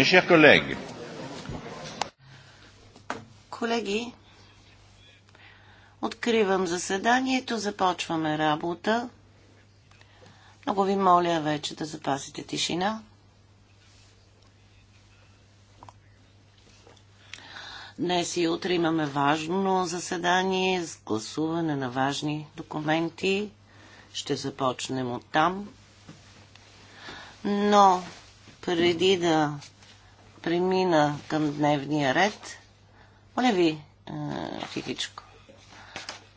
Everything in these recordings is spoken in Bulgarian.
Mes chers collègues. Колеги, откривам заседанието, започваме работа. Много ви моля вече да запасите тишина. Днес и утре имаме важно заседание с гласуване на важни документи. Ще започнем от там. Но преди да премина към дневния ред. Моля ви, Хихичко. Е,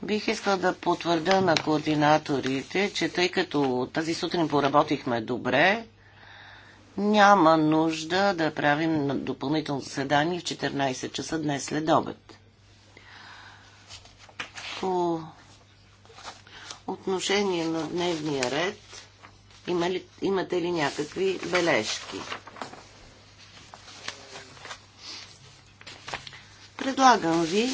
Бих искал да потвърда на координаторите, че тъй като тази сутрин поработихме добре, няма нужда да правим допълнително заседание в 14 часа днес след обед. По отношение на дневния ред, имате ли някакви бележки? Предлагам ви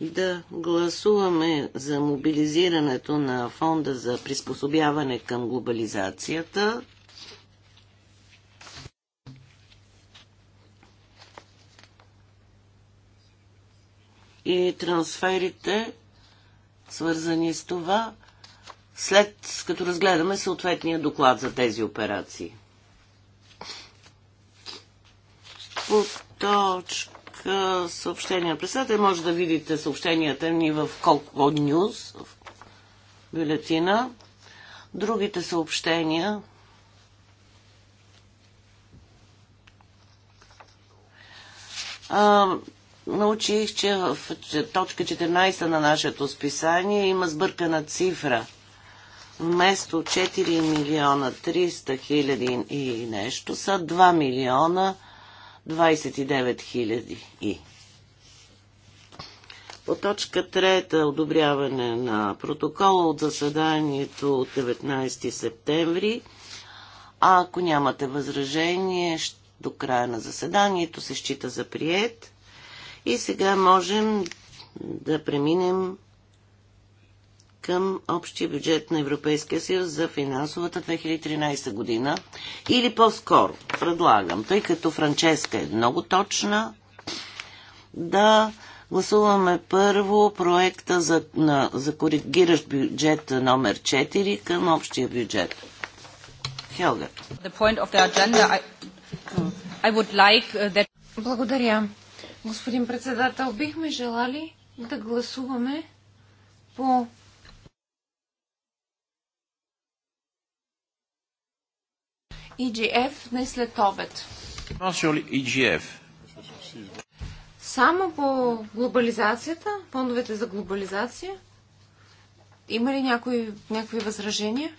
да гласуваме за мобилизирането на фонда за приспособяване към глобализацията. И трансферите, свързани с това, след като разгледаме съответния доклад за тези операции. По точка съобщения Представете, може да видите съобщенията ни в Колко Нюз, в бюлетина. Другите съобщения а, научих, че в точка 14 на нашето списание има сбъркана цифра. Вместо 4 милиона 300 хиляди и нещо са 2 милиона 29 000 и. По точка 3 одобряване на протокола от заседанието от 19 септември. А ако нямате възражение, до края на заседанието се счита за прият. И сега можем да преминем към общия бюджет на Европейския съюз за финансовата 2013 година. Или по-скоро, предлагам, тъй като Франческа е много точна, да гласуваме първо проекта за, на, за коригиращ бюджет номер 4 към общия бюджет. Хелга. Uh, Благодаря. Господин председател, бихме желали да гласуваме по EGF днес след обед. Е EGF. Само по глобализацията, фондовете за глобализация? Има ли някои, някои възражения?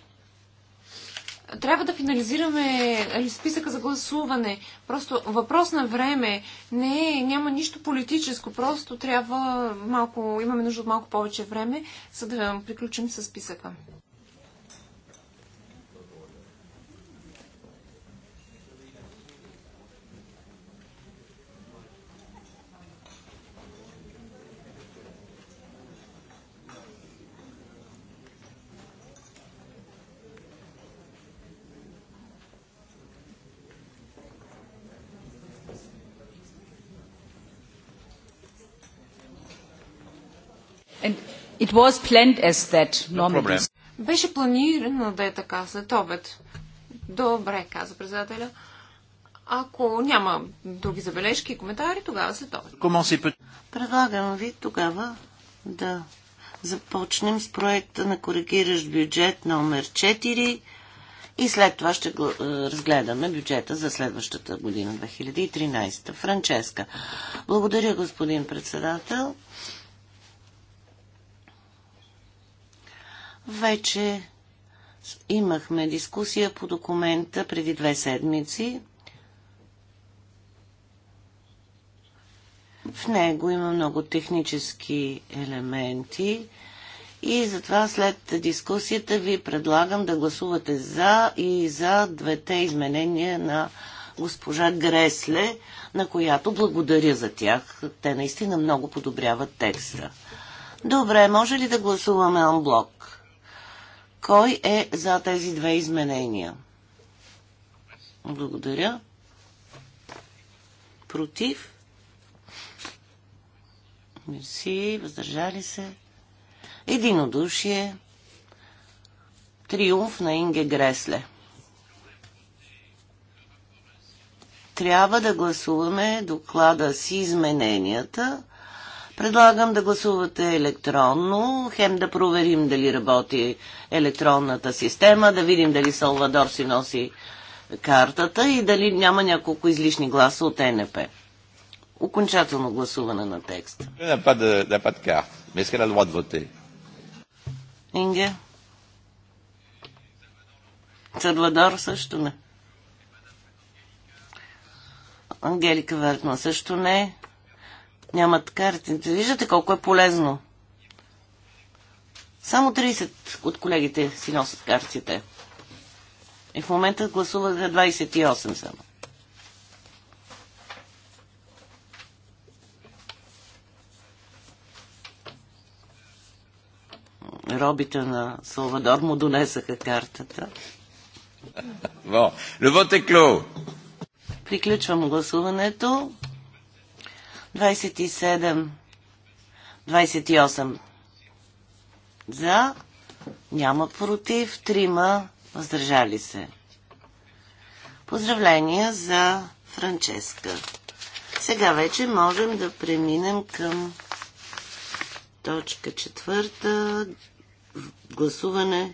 Трябва да финализираме е списъка за гласуване. Просто въпрос на време. Не, няма нищо политическо. Просто трябва малко, имаме нужда от малко повече време, за да приключим с списъка. It was planned as that. No Беше планирано да е така след обед. Добре, каза председателя. Ако няма други забележки и коментари, тогава след обед. Предлагам ви тогава да започнем с проекта на коригиращ бюджет номер 4 и след това ще е, разгледаме бюджета за следващата година, 2013. Франческа. Благодаря, господин председател. Вече имахме дискусия по документа преди две седмици. В него има много технически елементи и затова след дискусията ви предлагам да гласувате за и за двете изменения на госпожа Гресле, на която благодаря за тях. Те наистина много подобряват текста. Добре, може ли да гласуваме анблок? Кой е за тези две изменения? Благодаря. Против? Мерси. Въздържали се. Единодушие. Триумф на Инге Гресле. Трябва да гласуваме доклада с измененията Предлагам да гласувате електронно, хем да проверим дали работи електронната система, да видим дали Салвадор си носи картата и дали няма няколко излишни гласа от НП. Окончателно гласуване на текста. Е, Инге? Сальвадор също не. Ангелика Вертман също не нямат картите. Виждате колко е полезно. Само 30 от колегите си носят картите. И в момента гласуваха 28 само. Робите на Салвадор му донесаха картата. Bon, Приключвам гласуването. 27, 28 за, няма против, трима въздържали се. Поздравления за Франческа. Сега вече можем да преминем към точка четвърта гласуване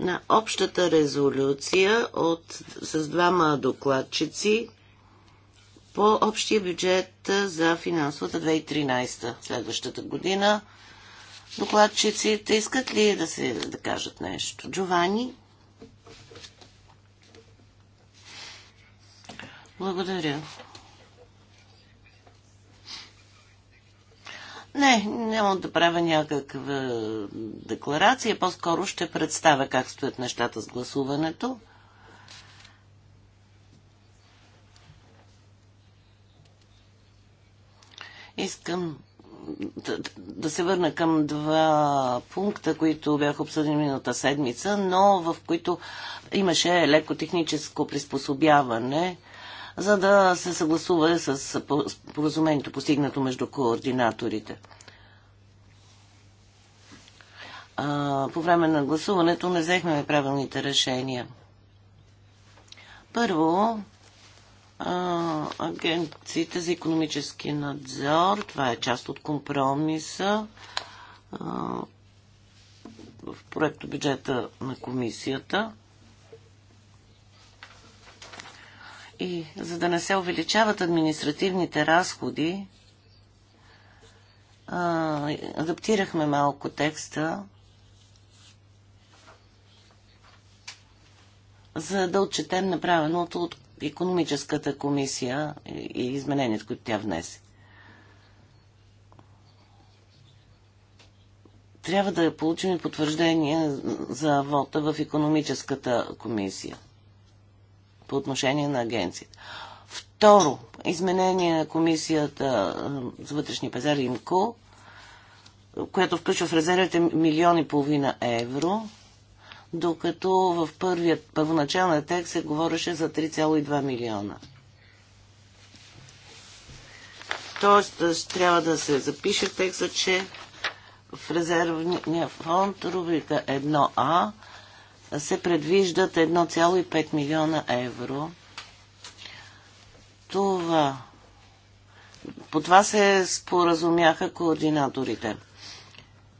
на общата резолюция от, с двама докладчици по общия бюджет за финансовата 2013 следващата година. Докладчиците искат ли да се да кажат нещо? Джовани? Благодаря. Не, няма да правя някаква декларация. По-скоро ще представя как стоят нещата с гласуването. Искам да, да се върна към два пункта, които бяха обсъдени миналата седмица, но в които имаше леко техническо приспособяване, за да се съгласува с поразумението постигнато между координаторите. А, по време на гласуването не взехме правилните решения. Първо, агенциите за економически надзор. Това е част от компромиса в проекта бюджета на комисията. И за да не се увеличават административните разходи, адаптирахме малко текста, за да отчетем направеното от економическата комисия и измененията, които тя внесе. Трябва да получим потвърждение за вота в економическата комисия по отношение на агенцията. Второ, изменение на комисията за вътрешни пазари ИМКО, което включва в резервите милиони и половина евро – докато в първият, първоначалния текст се говореше за 3,2 милиона. Тоест, трябва да се запише текста, че в резервния фонд, рубрика 1А, се предвиждат 1,5 милиона евро. Това. По това се споразумяха координаторите.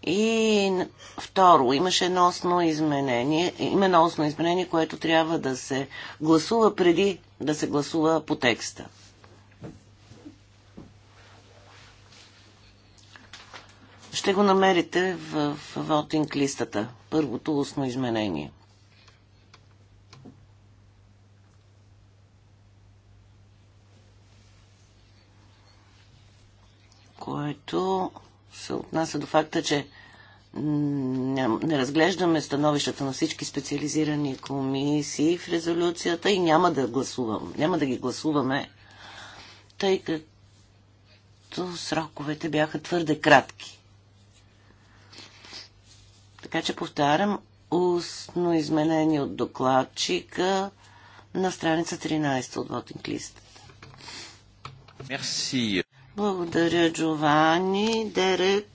И второ, имаше едно основно изменение, има едно основно изменение, което трябва да се гласува преди да се гласува по текста. Ще го намерите в, в вотинг листата. Първото устно изменение. Което се отнася до факта, че не разглеждаме становищата на всички специализирани комисии в резолюцията и няма да, гласувам, няма да ги гласуваме, тъй като сроковете бяха твърде кратки. Така че повтарям устно изменение от докладчика на страница 13 от Вотинг лист. Благодаря, Джовани. Дерек.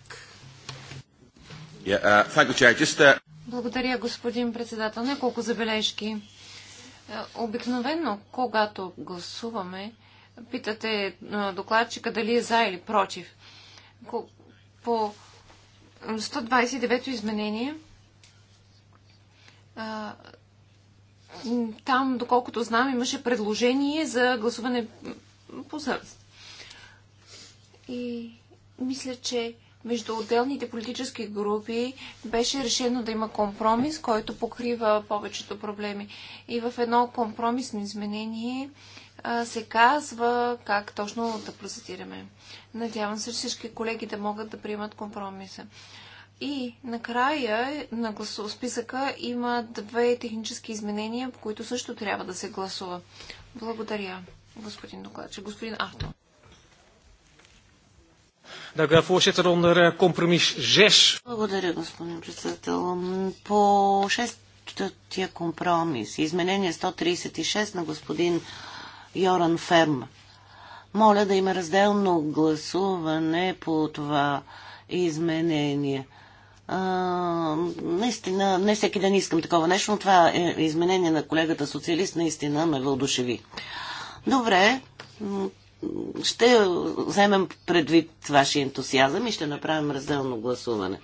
Yeah, uh, you, Just, uh... Благодаря, господин председател. Няколко забележки. Е, обикновено, когато гласуваме, питате е, докладчика дали е за или против. По 129-то изменение, там, доколкото знам, имаше предложение за гласуване по съвест. И мисля, че между отделните политически групи беше решено да има компромис, който покрива повечето проблеми. И в едно компромисно изменение а, се казва как точно да процедираме. Надявам се всички колеги да могат да приемат компромиса. И накрая на гласу... списъка има две технически изменения, по които също трябва да се гласува. Благодаря, господин докладчик. Господин Арто. Dank u wel, voorzitter. Onder eh, compromis 6. Благодаря, господин председател. По 6-тия компромис, изменение 136 на господин Йоран Ферм. Моля да има разделно гласуване по това изменение. А, наистина, не всеки ден искам такова нещо, но това е изменение на колегата социалист наистина ме вълдушеви. Добре, ще вземем предвид вашия ентусиазъм и ще направим разделно гласуване.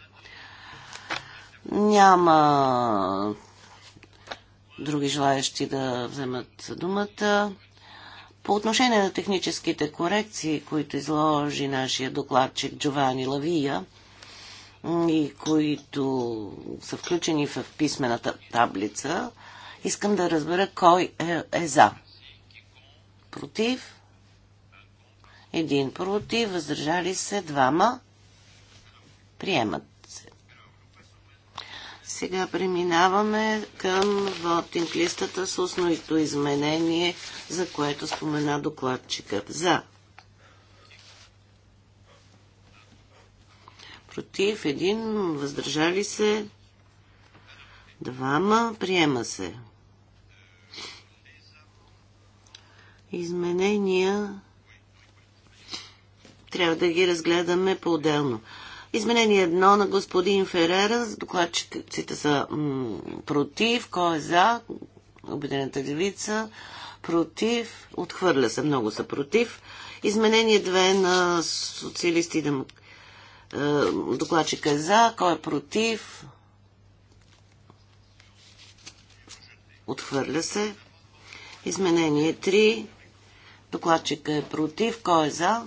Няма други желаящи да вземат думата. По отношение на техническите корекции, които изложи нашия докладчик Джовани Лавия и които са включени в писмената таблица, искам да разбера кой е, е за. Против? един против, въздържали се двама. Приемат се. Сега преминаваме към вотинг листата с основното изменение, за което спомена докладчикът. За. Против един, въздържали се двама, приема се. Изменения трябва да ги разгледаме по-отделно. Изменение едно на господин Ферера, докладчиците са против, кой е за, Обединената девица, против, отхвърля се, много са против. Изменение 2 на социалисти е, докладчика е за, кой е против, отхвърля се. Изменение 3, докладчика е против, кой е за,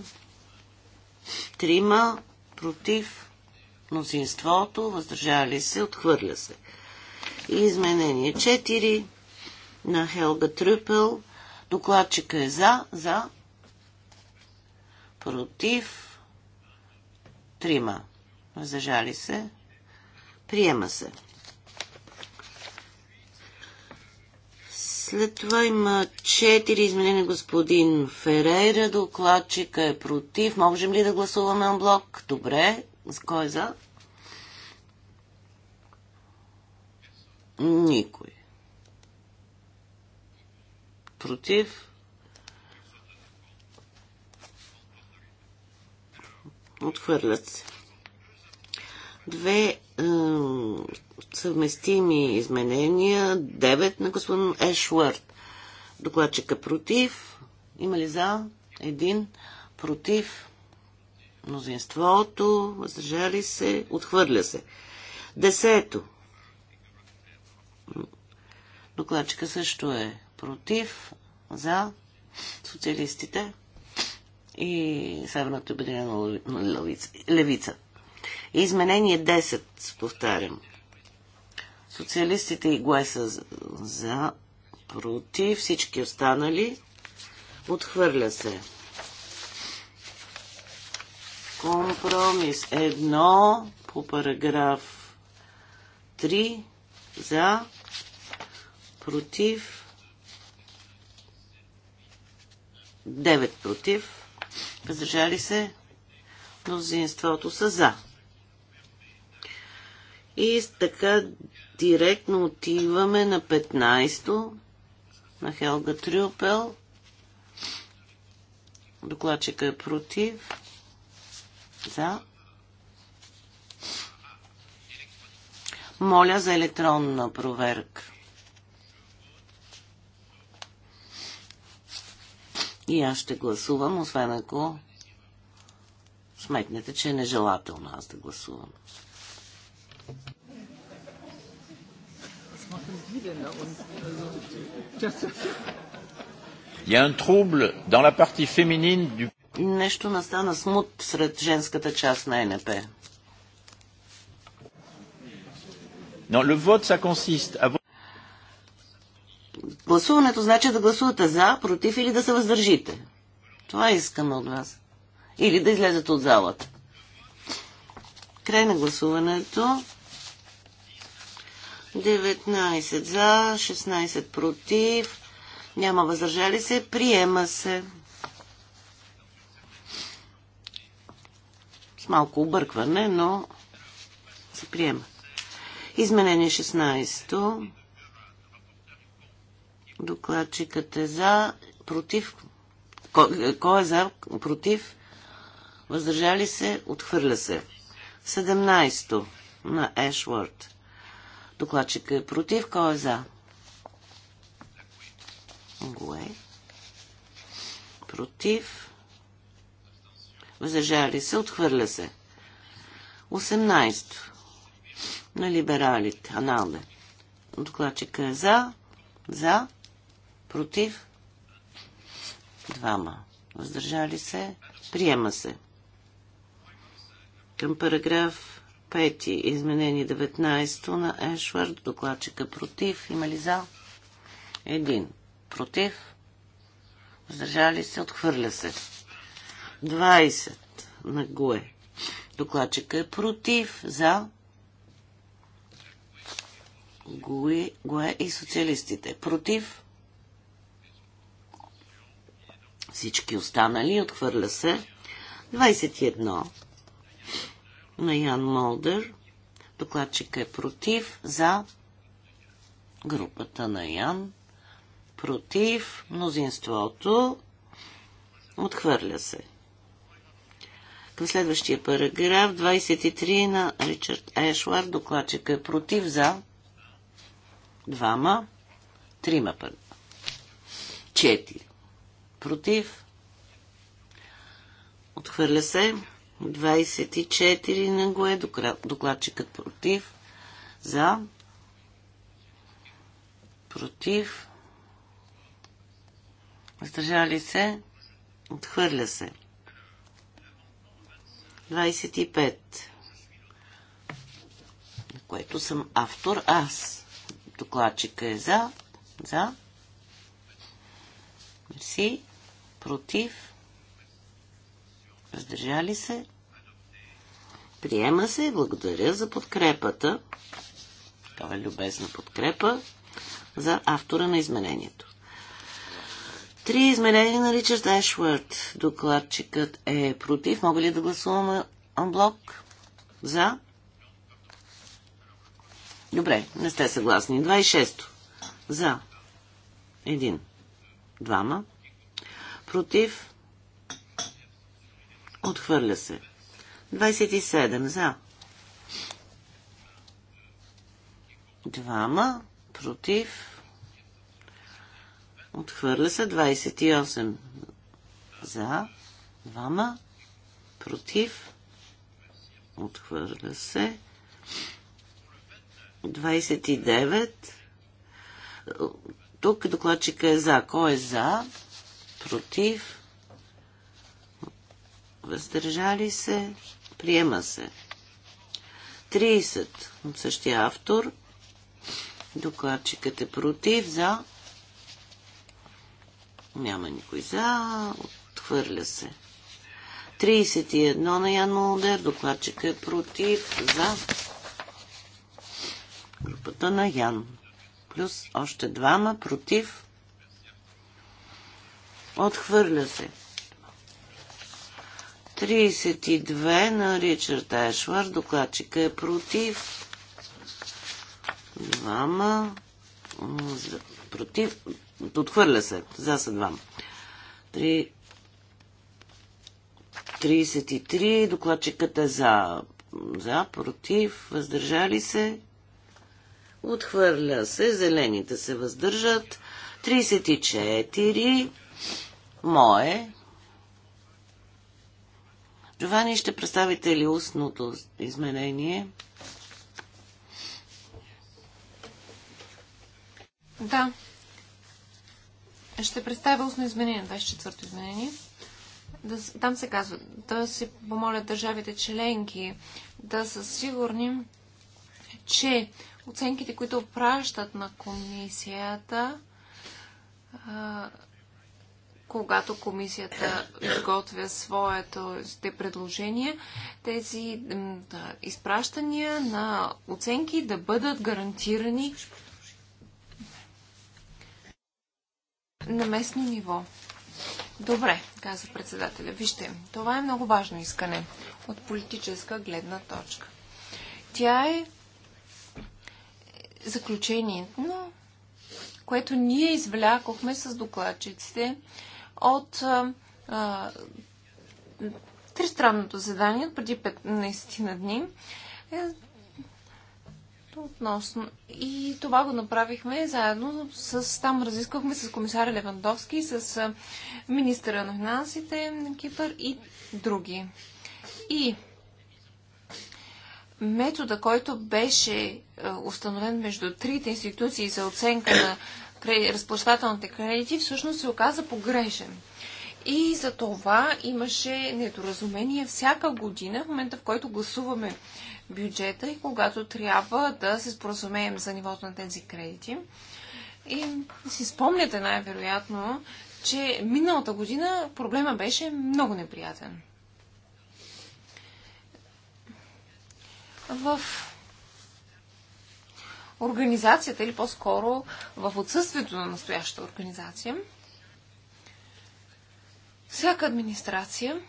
Трима против мнозинството, въздържали се, отхвърля се. И изменение 4 на Хелга Трюпел. Докладчика е за, за, против, трима. Въздържали се. Приема се. След това има четири изменения господин Ферейра. Докладчика е против. Можем ли да гласуваме блок? Добре. С кой е за? Никой. Против? Отхвърлят се. Две е, съвместими изменения. Девет на господин Ешвард. Докладчика против. Има ли за? Един. Против. Мнозинството. Въздържали се. Отхвърля се. Десето. Докладчика също е против. За. Социалистите. И Северната обединена левица. Изменение 10, повтарям. Социалистите и ГОЕ са за, против, всички останали. Отхвърля се. Компромис 1 по параграф 3 за, против, 9 против, въздържали се, мнозинството са за. И така директно отиваме на 15-то на Хелга Трюпел. Докладчика е против. За. Моля за електронна проверка. И аз ще гласувам, освен ако сметнете, че е нежелателно аз да гласувам. machen denn da unten? Il y a un trouble dans la partie féminine du... Нещо настана смут сред женската част на НП. Non, le vote, ça consiste à... Гласуването значи да гласувате за, против или да се въздържите. Това искаме от вас. Или да излезете от залата. Край на гласуването. 19 за, 16 против, няма възражали се, приема се. С малко объркване, но се приема. Изменение 16. то Докладчикът е за, против. Кой, е за, против? Въздържали се, отхвърля се. 17 то на Ешвард. Докладчик е против. Кой е за? Гуе. Против. Въздържали се. Отхвърля се. 18. На либералите. Аналде. Докладчика е за. За. Против. Двама. Въздържали се. Приема се. Към параграф Пети изменение 19 на Ешвард. Докладчика против. Има ли за? Един. Против. Въздържали се. Отхвърля се. 20 на Гуе. Докладчика е против. За. Гуе, Гуе и социалистите. Против. Всички останали. Отхвърля се. 21 на Ян Молдър. Докладчик е против, за групата на Ян, против мнозинството, отхвърля се. Към следващия параграф, 23 на Ричард Ешвар, докладчика е против за двама, трима пъти. четири. Против, отхвърля се. 24 на го е докладчикът против. За. Против. Въздържали се. Отхвърля се. 25. На което съм автор аз. Докладчика е за. За. Мерси. Против. Въздържали се? Приема се. Благодаря за подкрепата. Това е любезна подкрепа за автора на изменението. Три изменения на Ричард Ешвард. Докладчикът е против. Мога ли да гласуваме анблок? За? Добре, не сте съгласни. 26-то. За. Един. Двама. Против. Отхвърля се. 27 за. Двама. Против. Отхвърля се. 28 за. Двама. Против. Отхвърля се. 29. Тук докладчика е за. Кой е за? Против въздържали се, приема се. 30 от същия автор. Докладчикът е против, за. Няма никой за. Отхвърля се. 31 на Ян Молдер. Докладчикът е против, за. Групата на Ян. Плюс още двама против. Отхвърля се. 32 на Ричард Ешвар. Докладчика е против. Двама. Против. Отхвърля се. За са двама. 33. Докладчикът е за. За, против. Въздържали се. Отхвърля се. Зелените се въздържат. 34. Мое. Джовани, ще представите ли устното изменение? Да. Ще представя устно изменение, 24-то изменение. там се казва да се помолят държавите членки да са сигурни, че оценките, които пращат на комисията, когато комисията изготвя своето предложение, тези да, изпращания на оценки да бъдат гарантирани на местно ниво. Добре, каза председателя. Вижте, това е много важно искане от политическа гледна точка. Тя е заключението, което ние извлякохме с докладчиците от тристранното задание преди 15 на дни. Е, относно. И това го направихме заедно с... Там разисквахме с комисаря Левандовски, с министъра на финансите на Кипър и други. И метода, който беше установен между трите институции за оценка на разплащателните кредити, всъщност се оказа погрешен. И за това имаше недоразумение всяка година, в момента в който гласуваме бюджета и когато трябва да се споразумеем за нивото на тези кредити. И си спомняте най-вероятно, че миналата година проблема беше много неприятен. В организацията или по-скоро в отсъствието на настоящата организация. Всяка администрация,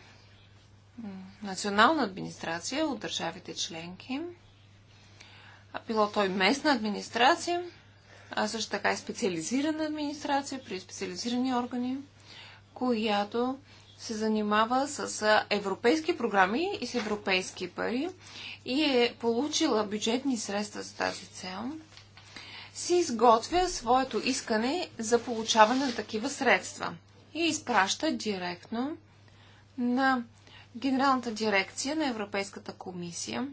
национална администрация от държавите членки, а било той местна администрация, а също така и специализирана администрация при специализирани органи, която се занимава с европейски програми и с европейски пари и е получила бюджетни средства за тази цел, си изготвя своето искане за получаване на такива средства и изпраща директно на Генералната дирекция на Европейската комисия,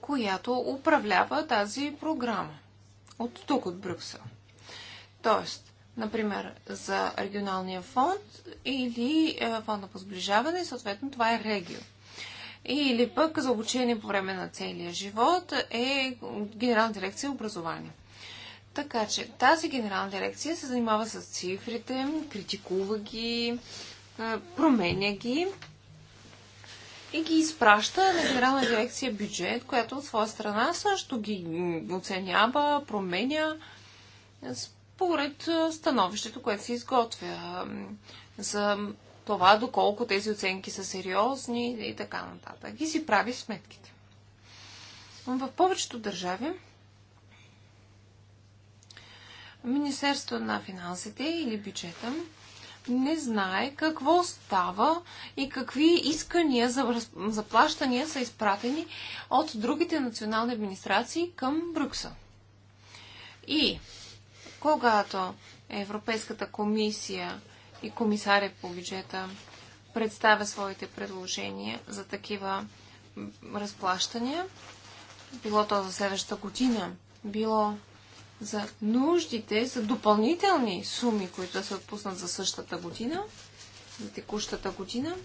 която управлява тази програма от тук, от Брюксел. Тоест, Например, за регионалния фонд или е, фонда по сближаване, съответно това е регио. Или пък за обучение по време на целия живот е Генерална дирекция образование. Така че тази генерална дирекция се занимава с цифрите, критикува ги, е, променя ги и ги изпраща на генерална дирекция бюджет, която от своя страна също ги оценява, променя според становището, което се изготвя за това, доколко тези оценки са сериозни и така нататък. И си прави сметките. В повечето държави Министерството на финансите или бюджета не знае какво става и какви искания за заплащания са изпратени от другите национални администрации към Брюксел. И когато Европейската комисия и комисаря по бюджета представя своите предложения за такива разплащания, било то за следващата година, било за нуждите, за допълнителни суми, които да се отпуснат за същата година, за текущата година.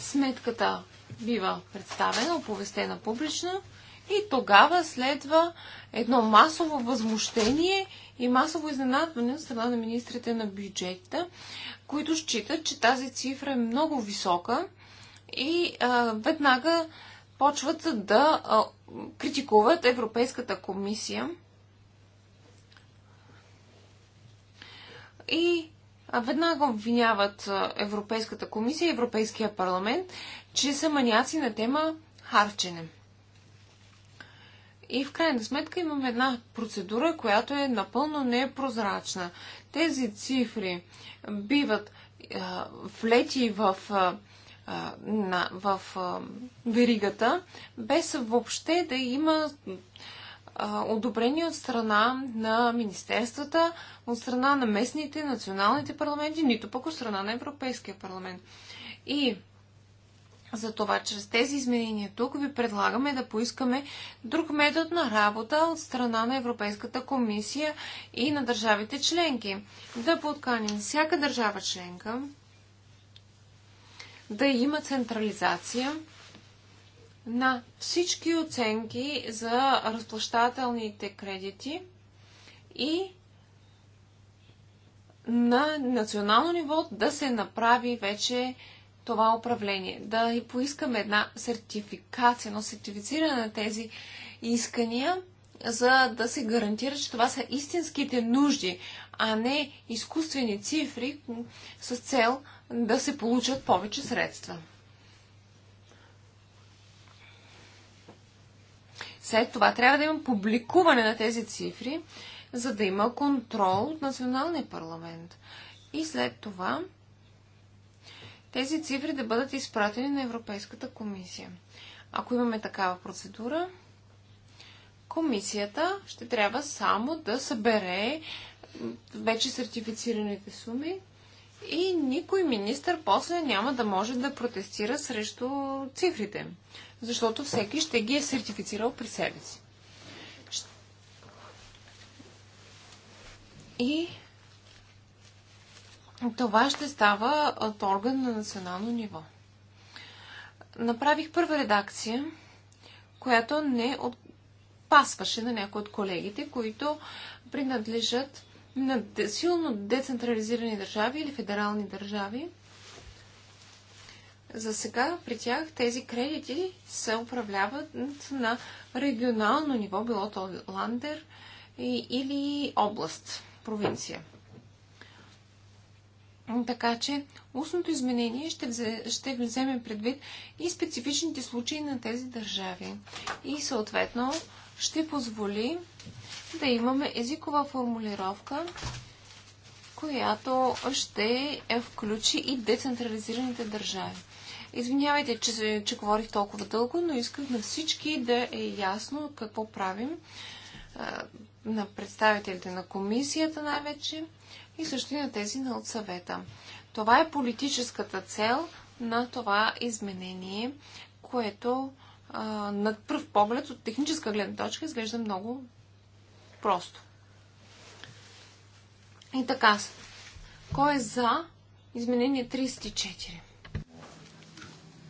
Сметката бива представена, оповестена публично и тогава следва едно масово възмущение и масово изненадване от страна на министрите на бюджета, които считат, че тази цифра е много висока и а, веднага почват да а, критикуват Европейската комисия. И а, веднага обвиняват Европейската комисия и Европейския парламент, че са маняци на тема харчене. И в крайна сметка имаме една процедура, която е напълно непрозрачна. Тези цифри биват а, влети в, а, на, в а, веригата, без въобще да има одобрение от страна на министерствата, от страна на местните, националните парламенти, нито пък от страна на Европейския парламент. И затова чрез тези изменения тук ви предлагаме да поискаме друг метод на работа от страна на Европейската комисия и на държавите членки. Да подканим всяка държава членка да има централизация на всички оценки за разплащателните кредити и на национално ниво да се направи вече това управление, да и поискаме една сертификация, но сертифициране на тези искания, за да се гарантира, че това са истинските нужди, а не изкуствени цифри с цел да се получат повече средства. След това трябва да има публикуване на тези цифри, за да има контрол от националния парламент. И след това тези цифри да бъдат изпратени на Европейската комисия. Ако имаме такава процедура, комисията ще трябва само да събере вече сертифицираните суми и никой министр после няма да може да протестира срещу цифрите, защото всеки ще ги е сертифицирал при себе си. И това ще става от орган на национално ниво. Направих първа редакция, която не отпасваше на някои от колегите, които принадлежат на силно децентрализирани държави или федерални държави. За сега при тях тези кредити се управляват на регионално ниво, било то ландер или област, провинция. Така че устното изменение ще, взе, ще вземе предвид и специфичните случаи на тези държави. И съответно ще позволи да имаме езикова формулировка, която ще включи и децентрализираните държави. Извинявайте, че, че говорих толкова дълго, но исках на всички да е ясно какво правим на представителите на комисията най-вече и също и на тези на от съвета. Това е политическата цел на това изменение, което а, на пръв поглед от техническа гледна точка изглежда много просто. И така, кой е за изменение 34?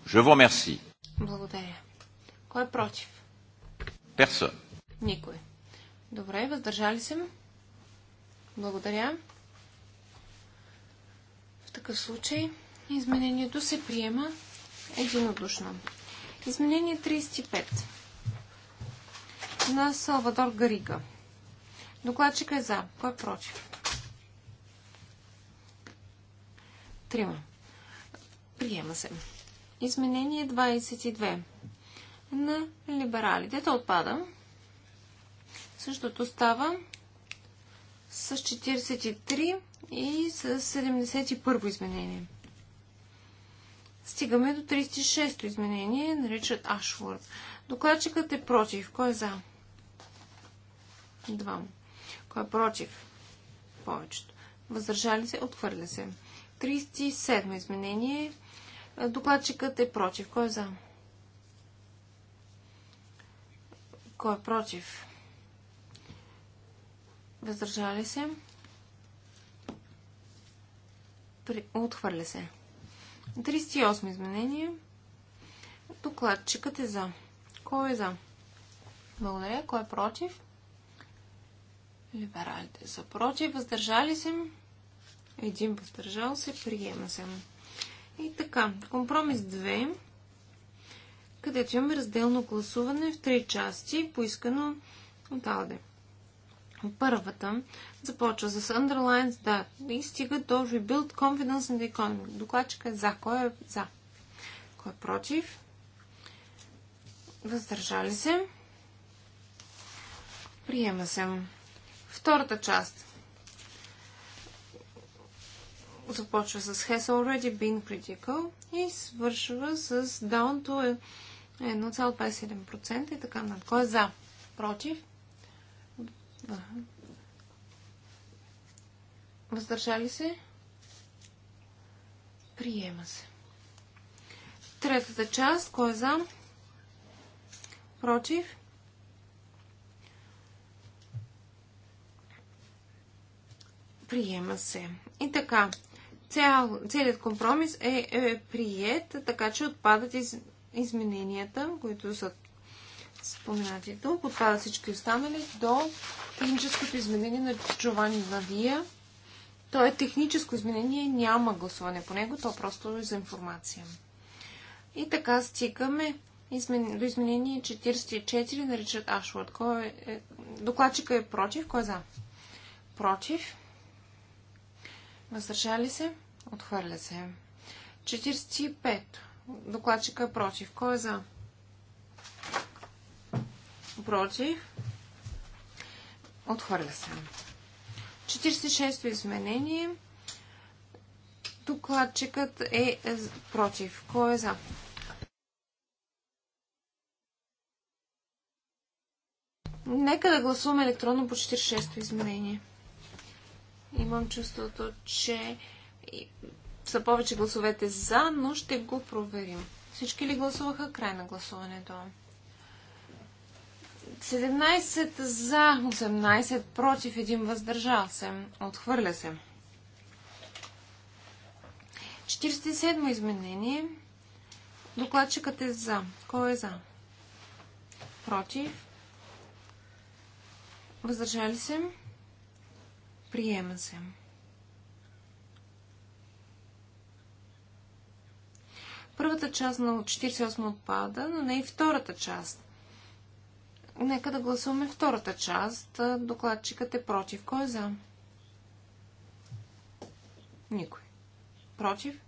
Je vous remercie. Благодаря. Кой е против? Персон. Никой. Добре, въздържали се. Благодаря такъв случай изменението се приема единодушно. Изменение 35 на Салвадор Гарига. Докладчика е за. Кой е против? Трима. Приема се. Изменение 22 на либералите. То отпада. Същото става с 43 и с 71-во изменение. Стигаме до 36-то изменение, наричат Ашворд. Докладчикът е против. Кой е за? Два. Кой е против? Повечето. Въздържали се, отхвърля се. 37 изменение. Докладчикът е против. Кой е за? Кой е против? Въздържали се. Отхвърля се. 38 изменение. Докладчикът е за. Кой е за? Благодаря. Кой е против? Либералите са против. Въздържали се. Един въздържал се. Приема се. И така. Компромис 2 където имаме разделно гласуване в 3 части, поискано от Алде. Първата започва с underlines, да, и стига до rebuild confidence in the economy. Докладчика е за. Кой е за? Кой е против? Въздържали се. Приема се. Втората част. Започва с has already been critical и свършва с down to 1,27% е- е и така на Кой е за? Против? Въздържали се? Приема се. Третата част. Кой е за? Против? Приема се. И така. Цял, целият компромис е, е прият, така че отпадат из, измененията, които са споменати тук. Отпадат всички останали до техническото изменение на Джовани Навия. То е техническо изменение, няма гласуване по него, то просто е за информация. И така стигаме до изменение 44 на Ричард Ашвард. Кой е, е... Докладчика е против, кой е за? Против. Въздържали се? Отхвърля се. 45. Докладчика е против. Кой е за? Против. Отхвърля се. 46-то изменение. Докладчикът е против. Кой е за? Нека да гласуваме електронно по 46-то изменение. Имам чувството, че са повече гласовете за, но ще го проверим. Всички ли гласуваха край на гласуването? 17 за, 18 против, 1 въздържал се. Отхвърля се. 47 изменение. Докладчикът е за. Кой е за? Против. Въздържали се. Приема се. Първата част на 48 отпада, но не и втората част. Нека да гласуваме втората част. Докладчикът е против. Кой е за? Никой. Против?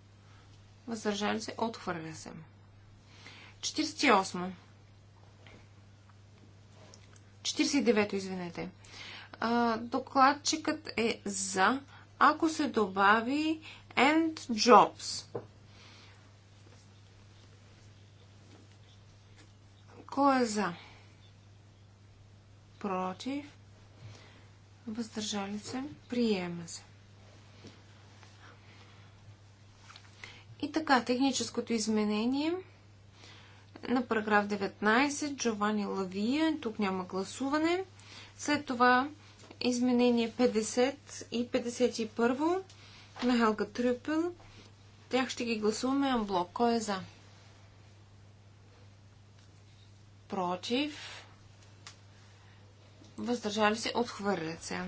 Въздържали се? Отхвърля се. 48. 49, извинете. Докладчикът е за, ако се добави and jobs. Кой е за? против, въздържали се, приема се. И така, техническото изменение на параграф 19, Джовани Лавия, тук няма гласуване. След това изменение 50 и 51 на Хелга Трюпел. Тях ще ги гласуваме амблок. Кой е за? Против въздържали се, отхвърлят се.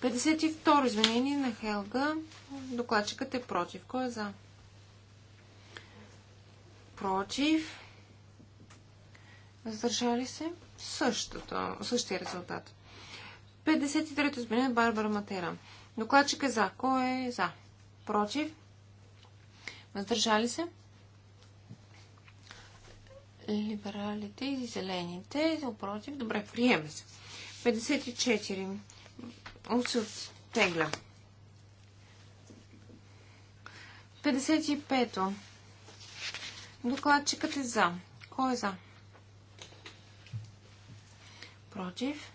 52 изменение на Хелга. Докладчикът е против. Кой е за? Против. Въздържали се? Същото, същия резултат. 53-то изменение Барбара Матера. Докладчик е за. Кой е за? Против. Въздържали се? Либералите и зелените. Против. Добре, приема се. 54. Се оттегля. 55. Докладчикът е за. Кой е за? Против.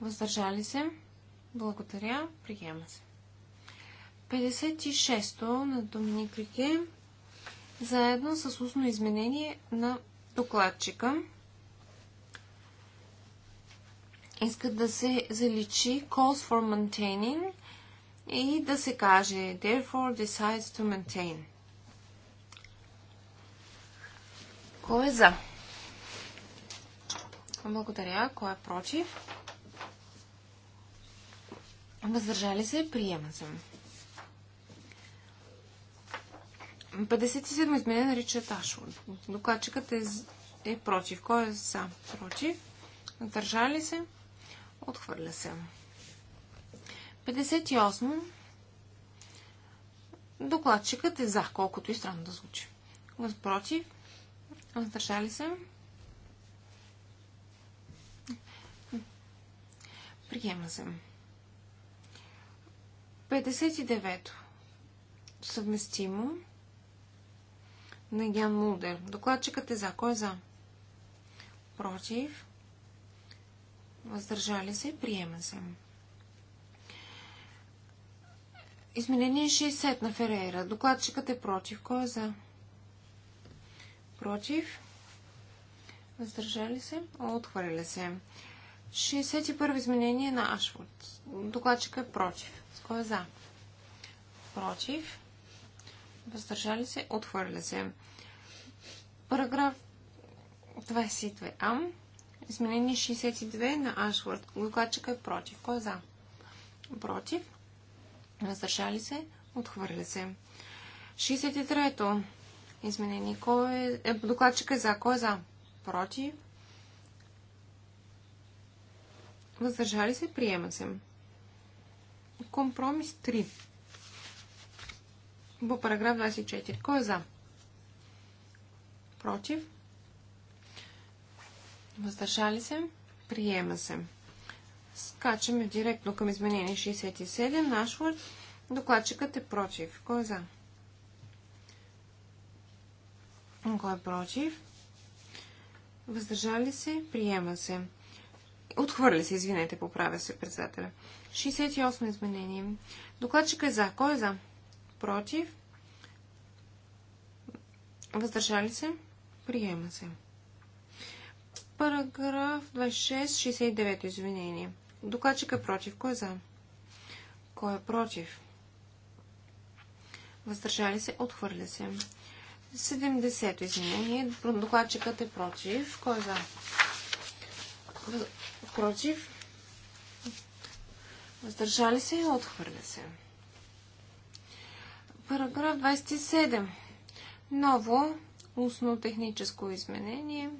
Въздържали се. Благодаря. Приема се. 56-то на Доминик Рике, заедно с устно изменение на докладчика иска да се заличи calls for maintaining и да се каже therefore decides to maintain. Кой е за? Благодаря. Кой е против? Въздържали се? Приема съм. 57 изменение на Ричард Докладчикът е, е против. Кой е за? Против. Държали се? Отхвърля се. 58. Докладчикът е за, колкото и странно да звучи. Против. Въздържали се? Приема се. 59. Съвместимо на Ян Мулдер. Докладчикът е за. Кой е за? Против. Въздържали се. Приема се. Изменение 60 на Ферейра. Докладчикът е против. Кой е за? Против. Въздържали се. Отхвърля се. 61 изменение на Ашвуд. Докладчикът е против. кой е за? Против въздържали се, отхвърля се. Параграф 22а. Изменение 62 на Ашвард. Докладчика е против. Кой е за? Против. Въздържали се, отхвърля се. 63-то. Изменение. Кой е... е докладчик е за. Кой е за? Против. Въздържали се, приема се. Компромис 3 по параграф 24. Кой е за? Против? Въздържали се? Приема се. Скачаме директно към изменение 67. Нашвор. Докладчикът е против. Кой е за? Кой е против? Въздържали се? Приема се. Отхвърли се, извинете, поправя се председателя. 68 изменение. Докладчика е за. Кой е за? против, въздържали се, приема се. Параграф 26, 69 извинение. Докладчик е против. Кой е за? Кой е против? Въздържали се, отхвърля се. 70 изменение. Докладчикът е против. Кой е за? Против. Въздържали се, отхвърля се. Параграф 27. Ново устно техническо изменение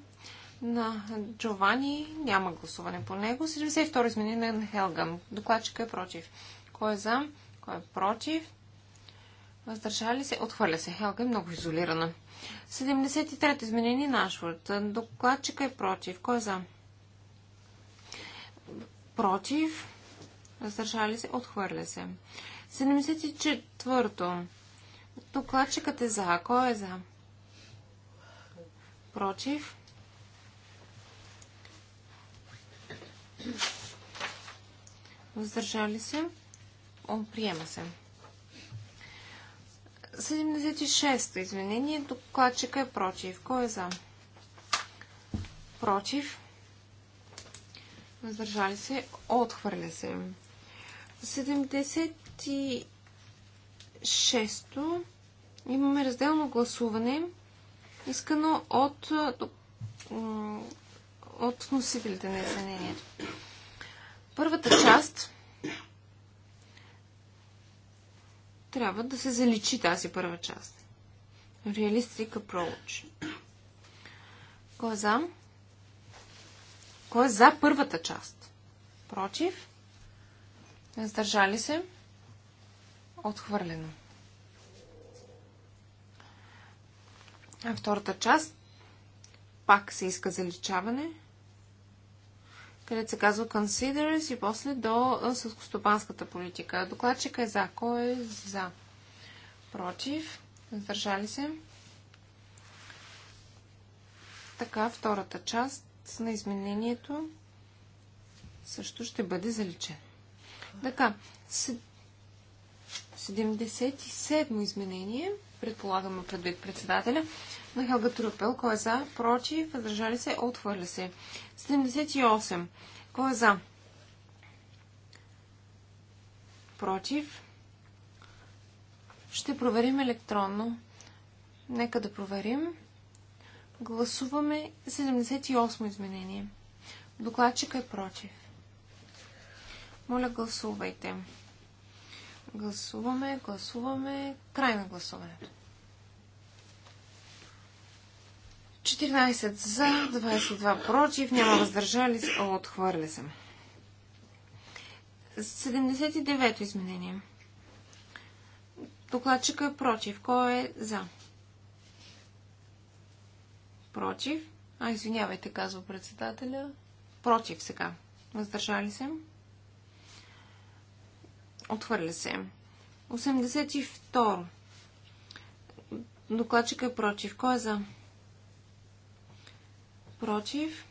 на Джовани. Няма гласуване по него. 72 изменение на Хелган. Докладчика е против. Кой е за? Кой е против? Въздържали се? Отхвърля се. Хелга е много изолирана. 73 изменение на Ашвард. Докладчика е против. Кой е за? Против. Въздържали се? Отхвърля се. 74-то. Докладчикът е за. Кой е за? Против? Въздържали се? Он приема се. 76-то изменение. Докладчика е против. Кой е за? Против. Въздържали се. Отхвърля се. 70 Шесто. Имаме разделно гласуване, искано от, от вносителите на изменението. Първата част трябва да се заличи тази първа част. Realistic approach. Кой е за? Кой е за първата част? Против? Сдържали се? Отхвърлено. А втората част пак се иска заличаване, където се казва considers и после до съскостопанската политика. Докладчика е за. Кой е за? Против. Задържали се. Така, втората част на изменението също ще бъде заличена. Така, 77 изменение, предполагаме предвид председателя, на Хелга Трупел. Кой е за? Против? Въздържали се? отвърля се. 78. Кой е за? Против? Ще проверим електронно. Нека да проверим. Гласуваме 78 изменение. Докладчика е против. Моля, гласувайте. Гласувайте. Гласуваме, гласуваме. Край на гласуването. 14 за, 22 против, няма въздържали се, отхвърля се. 79 изменение. Докладчика е против. Кой е за? Против. А, извинявайте, казва председателя. Против сега. Въздържали се. Отхвърля се. 82. Докладчик е против. Кой е за? Против.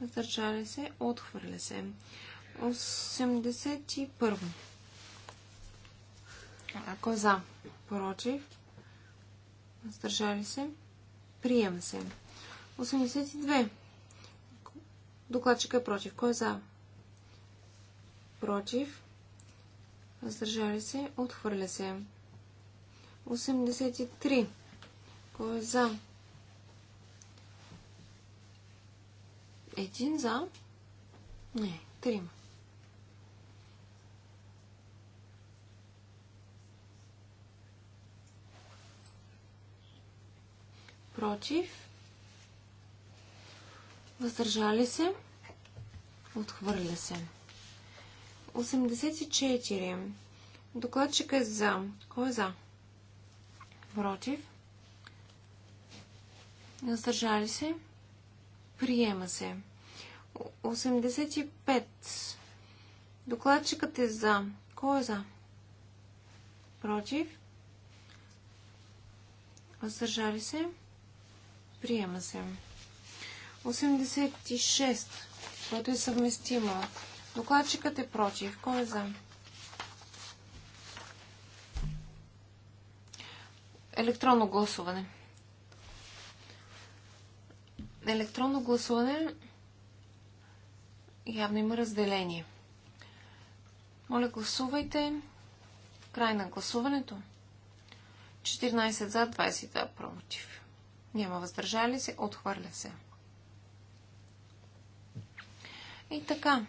Въздържали се. Отхвърля се. 81. Ако е за? Против. Въздържали се. Приема се. 82. Докладчик е против. Кой е за? Против въздържали се, отхвърля се. 83. Кой е за? Един за? Не, трима. Против. Въздържали се. Отхвърля се. 84. Докладчик е за. Кой е за? Против. Въздържали се. Приема се. 85. Докладчикът е за. Кой е за? Против. Въздържали се. Приема се. 86, което е съвместимо. Докладчикът е против. Кой е за? Електронно гласуване. Електронно гласуване явно има разделение. Моля, гласувайте. Край на гласуването. 14 за, 22 против. Няма въздържали се, отхвърля се. И така.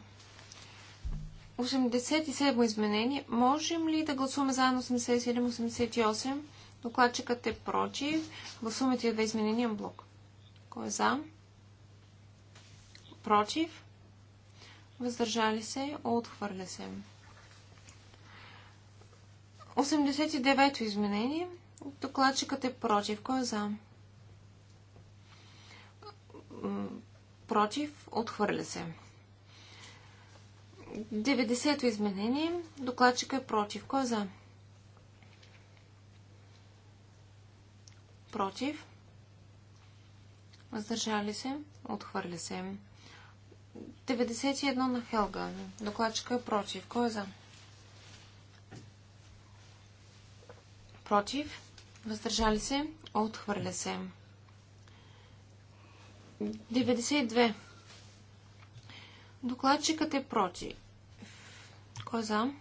87 изменение. Можем ли да гласуваме заедно 87-88? Докладчикът е против. Гласуваме тия две изменения блок. Кой е за? Против. Въздържали се. Отхвърля се. 89-то изменение. Докладчикът е против. Кой е за? Против. Отхвърля се. 90-то изменение. Докладчик е против. Кой е за? Против. Въздържали се. Отхвърля се. 91 на Хелга. Докладчика е против. Кой е за? Против. Въздържали се. Отхвърля се. 92. Докладчикът е против. Кой е за?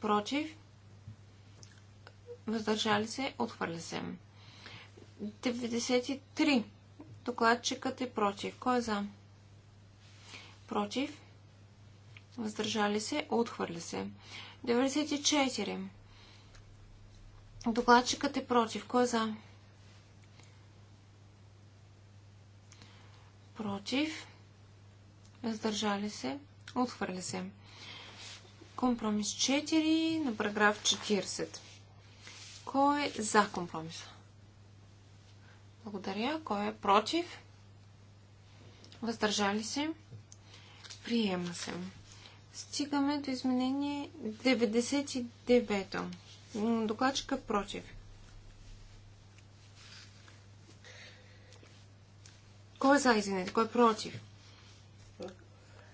Против? Въздържали се? Отхвърля се. 93. Докладчикът е против. Кой е за? Против? Въздържали се? Отхвърля се. 94. Докладчикът е против. Кой е за? Против? Въздържали се? Отхвърля се. Компромис 4 на параграф 40. Кой е за компромиса? Благодаря. Кой е против? Въздържали се? Приема се. Стигаме до изменение 99-то. Докладчика против. Кой е за, извинете? Кой е против?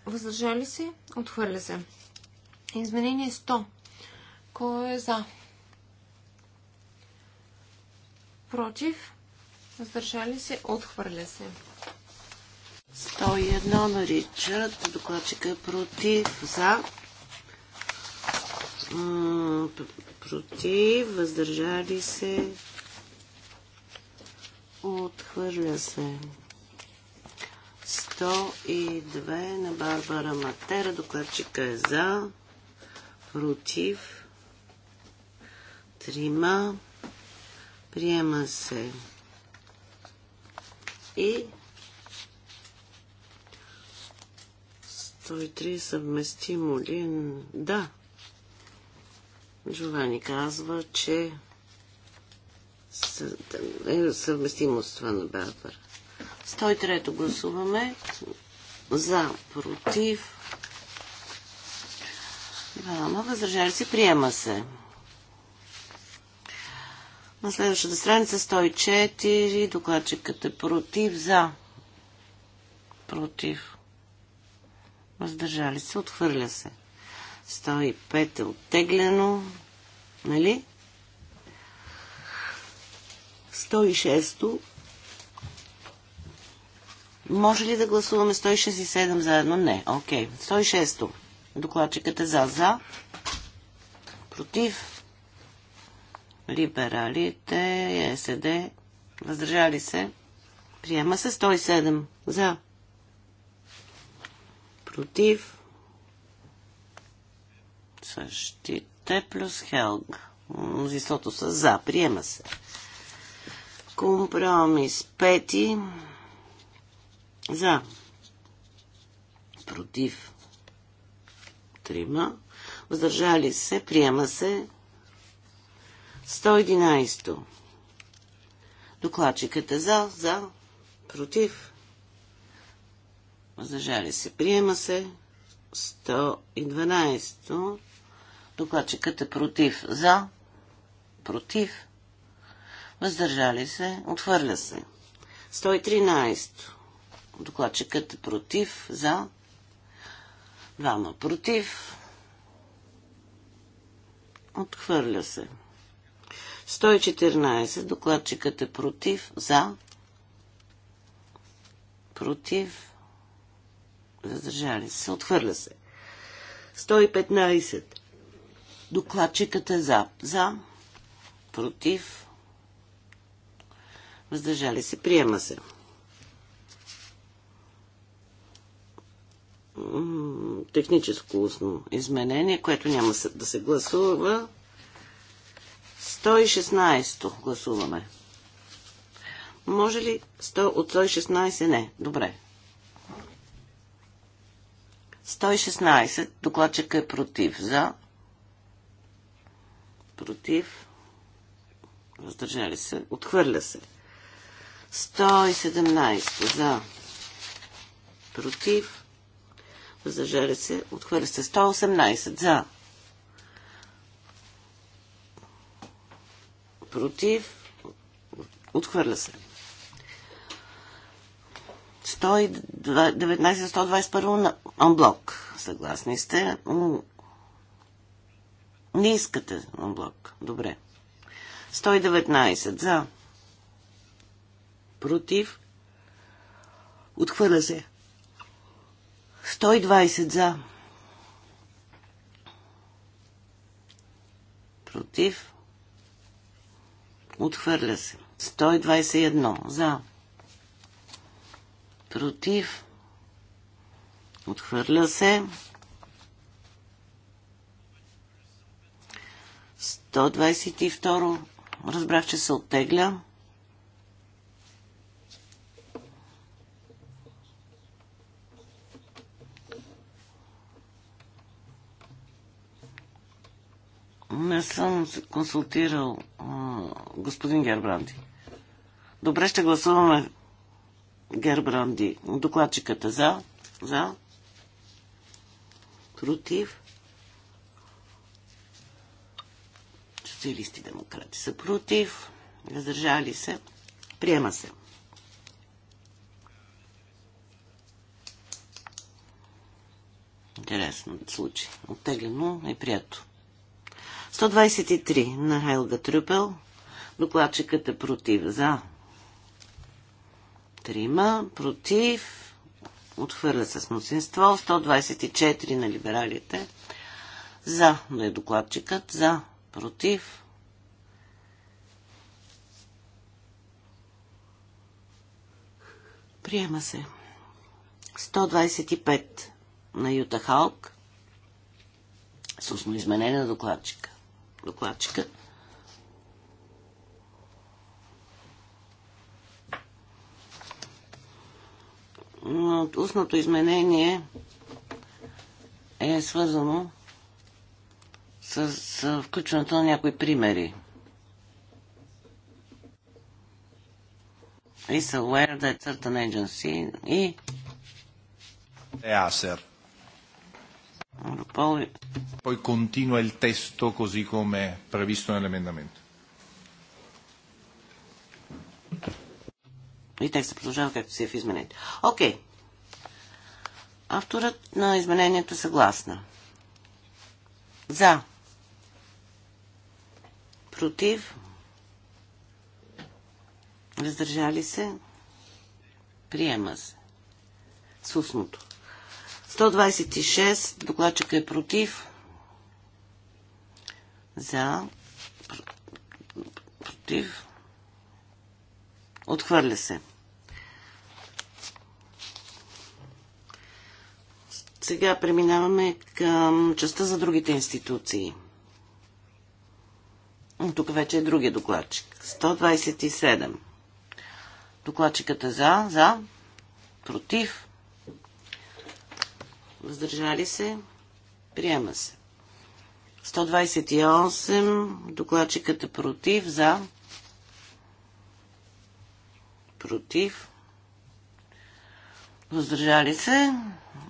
Въздържали се? Отхвърля се. Изменение 100. Кой е за? Против? Въздържали се? Отхвърля се. 101 на Ричард. Докладчика е против. За. против. Въздържали се. Отхвърля се. 102 на Барбара Матера. Докладчика е за против, трима, приема се. И 103 съвместимо ли? Да. Джовани казва, че е съвместимостта на Белбър. 103 гласуваме за, против, няма. Въздържали се. Приема се. На следващата страница 104. Докладчикът е против. За. Против. Въздържали се. Отхвърля се. 105 е оттеглено. Нали? 106-то. Може ли да гласуваме 106 и 7 заедно? Не. Окей. Okay. 106-то. Докладчикът е за. За. Против. Либералите. СД. Въздържали се. Приема се 107. За. Против. Същите плюс Хелг. Мнозинството са за. Приема се. Компромис. Пети. За. Против трима. Въздържали се. Приема се. 111. Докладчикът е за. За. Против. Въздържали се. Приема се. 112. Докладчикът е против. За. Против. Въздържали се. Отхвърля се. 113. Докладчикът е против. За. Двама против. Отхвърля се. 114. Докладчикът е против. За. Против. Въздържали се. Отхвърля се. 115. Докладчикът е за. За. Против. Въздържали се. Приема се. техническо устно изменение, което няма да се гласува. 116-то гласуваме. Може ли 100 от 116? Не. Добре. 116. Докладчика е против. За. Против. Въздържали се. Отхвърля се. 117. За. Против въздържали се, отхвърля се 118 за, против, отхвърля се. 119-121 анблок. Съгласни сте. Не искате анблок. Добре. 119 за. Против. Отхвърля се. 120 за. Против. Отхвърля се. 121 за. Против. Отхвърля се. 122. Разбрах, че се оттегля. Не съм се консултирал а, господин Гербранди. Добре, ще гласуваме Гербранди. Докладчиката е за. За. Против. Социалисти демократи са против. Въздържали се. Приема се. Интересен случай. Оттеглено и е прието. 123 на Хелга Трюпел. Докладчикът е против. За. Трима. Против. Отхвърля се с мнозинство. 124 на либералите. За. Но е докладчикът. За. Против. Приема се. 125 на Юта Халк с изменение на докладчика докладчика. Устното изменение е свързано с включването на някои примери. is aware that certain agency и Yeah, sir. Europol. Poi continua il testo così come previsto nell'emendamento. И текстът продължава както си е в изменението. Окей. Okay. Авторът на изменението е съгласна. За. Против. Раздържали се. Приема се. С 126. Докладчика е против. За. Против. Отхвърля се. Сега преминаваме към частта за другите институции. Тук вече е другия докладчик. 127. Докладчиката за, за, против, въздържали се, приема се. 128, докладчиката е против, за, против, въздържали се,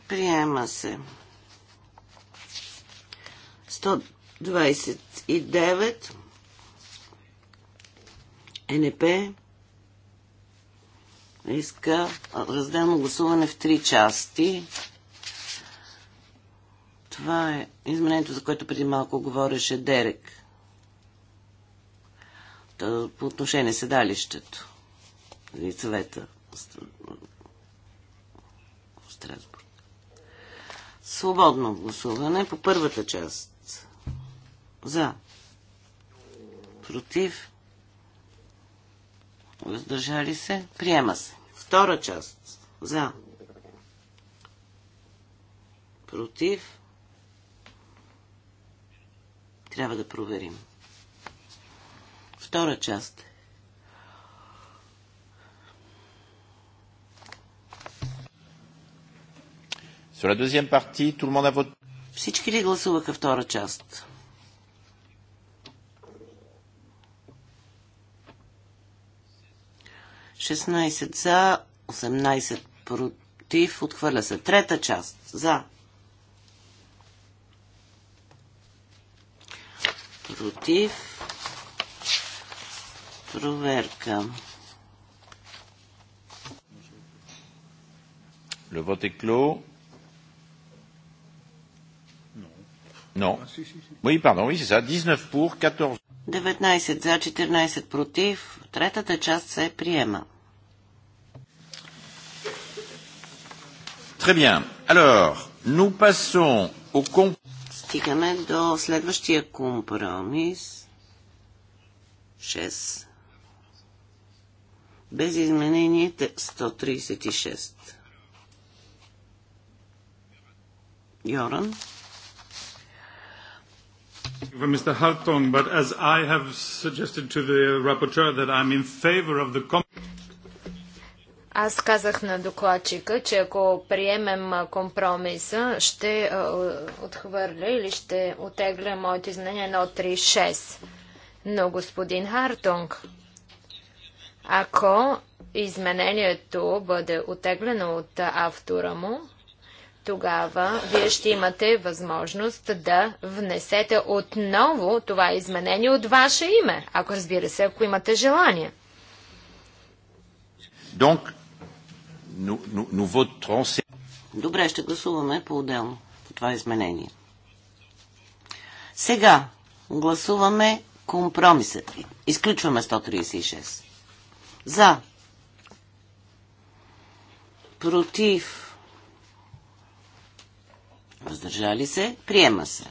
приема се. 129, НП, иска разделно гласуване в три части. Това е изменението, за което преди малко говореше Дерек. По отношение седалището и цвета Страсбург. Свободно гласуване по първата част. За. Против. Въздържали се. Приема се. Втора част. За. Против. Трябва да проверим. Втора част. Sur la deuxième partie, tout le monde a voté. Всички ли гласуваха втора част? Шестнайсет за, 18 против, отхвърля се. Трета част за, против. Проверка. Le vote est clos. Non. Oui, pardon, oui, c'est ça. 19 pour, 14. 19 за, 14 против. Третата част се приема. Très bien. Alors, nous passons au comp стигаме до следващия компромис. 6. Без изменение 136. Йоран. For Mr. Hartong, but as I have suggested to the rapporteur that I'm in favor of the аз казах на докладчика, че ако приемем компромиса, ще отхвърля или ще отегля моето изменение 36. Но господин Хартунг, ако изменението бъде отеглено от автора му, тогава вие ще имате възможност да внесете отново това изменение от ваше име, ако разбира се, ако имате желание. Donc, Добре, ще гласуваме по-отделно по това изменение. Сега гласуваме компромисът. Изключваме 136. За. Против. Въздържали се. Приема се.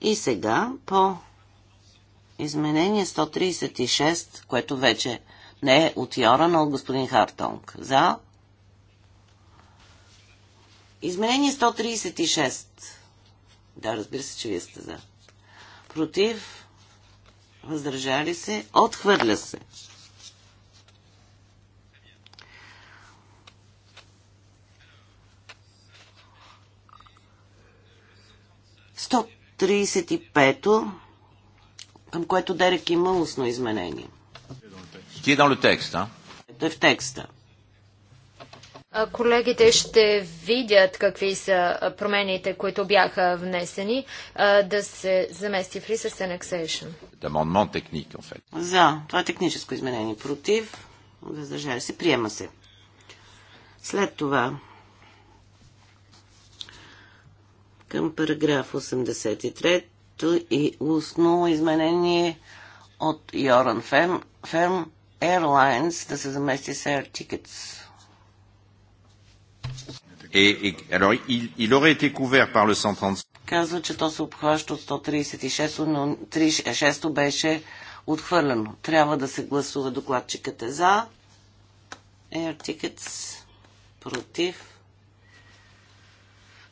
И сега по изменение 136, което вече не от Йоран, от господин Хартонг. За. Изменение 136. Да, разбира се, че вие сте за. Против. Въздържали се. Отхвърля се. Сто 35-то, към което Дерек има устно изменение qui est dans le texte. Hein. Е колегите ще видят какви са промените, които бяха внесени, да се замести фри с annexation. За. Това е техническо изменение. Против. Въздържали се. Приема се. След това към параграф 83 и устно изменение от Йоран Ферм, Ферм Airlines да се замести с Air Tickets. alors, il, il aurait été couvert par le Казва, че то се обхваща от 136, но 36 беше отхвърлено. Трябва да се гласува докладчикът е за. Air Tickets против.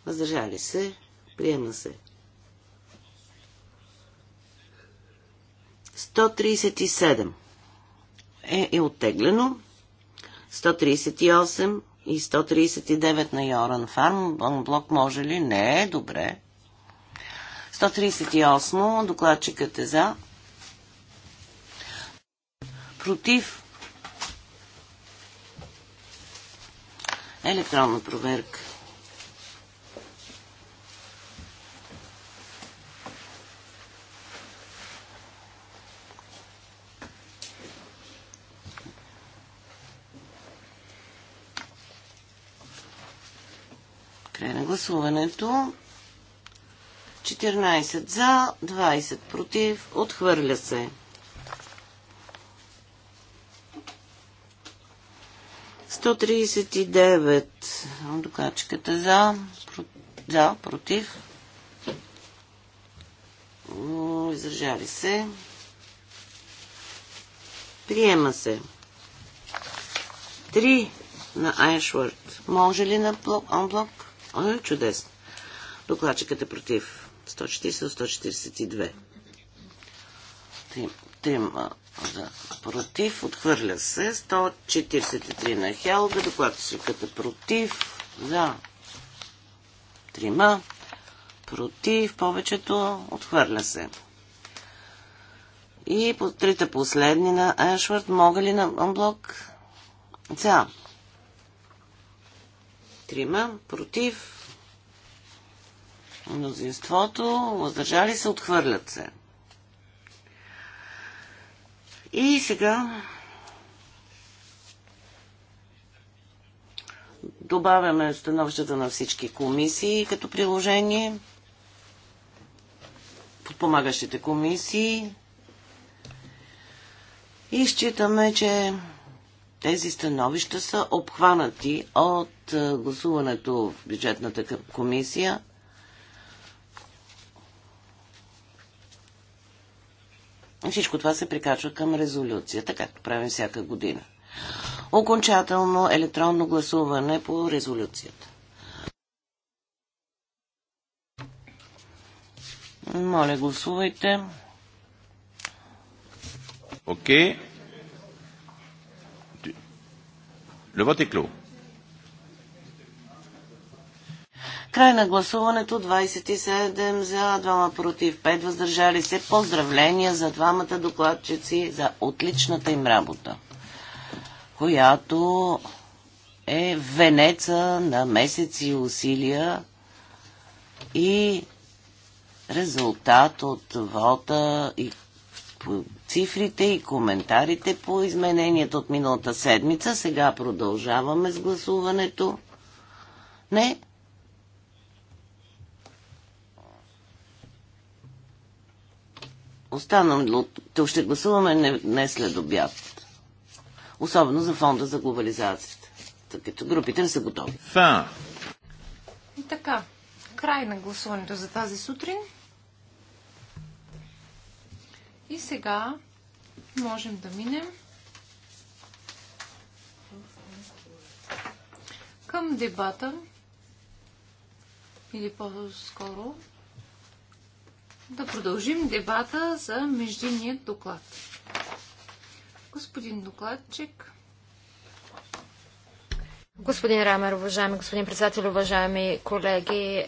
Въздържали се. Приема се. 137 е, е оттеглено. 138 и 139 на Йоран Фарм. Блок може ли? Не, е добре. 138. Докладчикът е за. Против. Електронна проверка. гласуването. 14 за, 20 против, отхвърля се. 139 докачката за, за, против. Изражали се. Приема се. 3 на Айшвард. Може ли на блок, анблок? е чудесно. Докладчикът е против. 140-142. Трима Трим, да, против. Отхвърля се. 143 на Хелга. Докладчикът е против. Да. Трима. Против. Повечето. Отхвърля се. И по трите последни на Ашвард мога ли на блок? За. Трима против. Мнозинството. Въздържали се. Отхвърлят се. И сега добавяме становищата на всички комисии като приложение. Подпомагащите комисии. И считаме, че тези становища са обхванати от е, гласуването в бюджетната комисия. Всичко това се прикачва към резолюцията, както правим всяка година. Окончателно електронно гласуване по резолюцията. Моля, гласувайте. Окей. Okay. Le vote est clos. Край на гласуването 27 за, 2 против, 5 въздържали се. Поздравления за двамата докладчици за отличната им работа, която е венеца на месеци усилия и резултат от вода и цифрите и коментарите по измененията от миналата седмица. Сега продължаваме с гласуването. Не. Останалото ще гласуваме не, не след обяд. Особено за фонда за глобализацията. Тъй като групите не са готови. Фа. И така, край на гласуването за тази сутрин. И сега можем да минем към дебата или по-скоро да продължим дебата за междинният доклад. Господин докладчик. Господин Рамер, уважаеми господин председател, уважаеми колеги,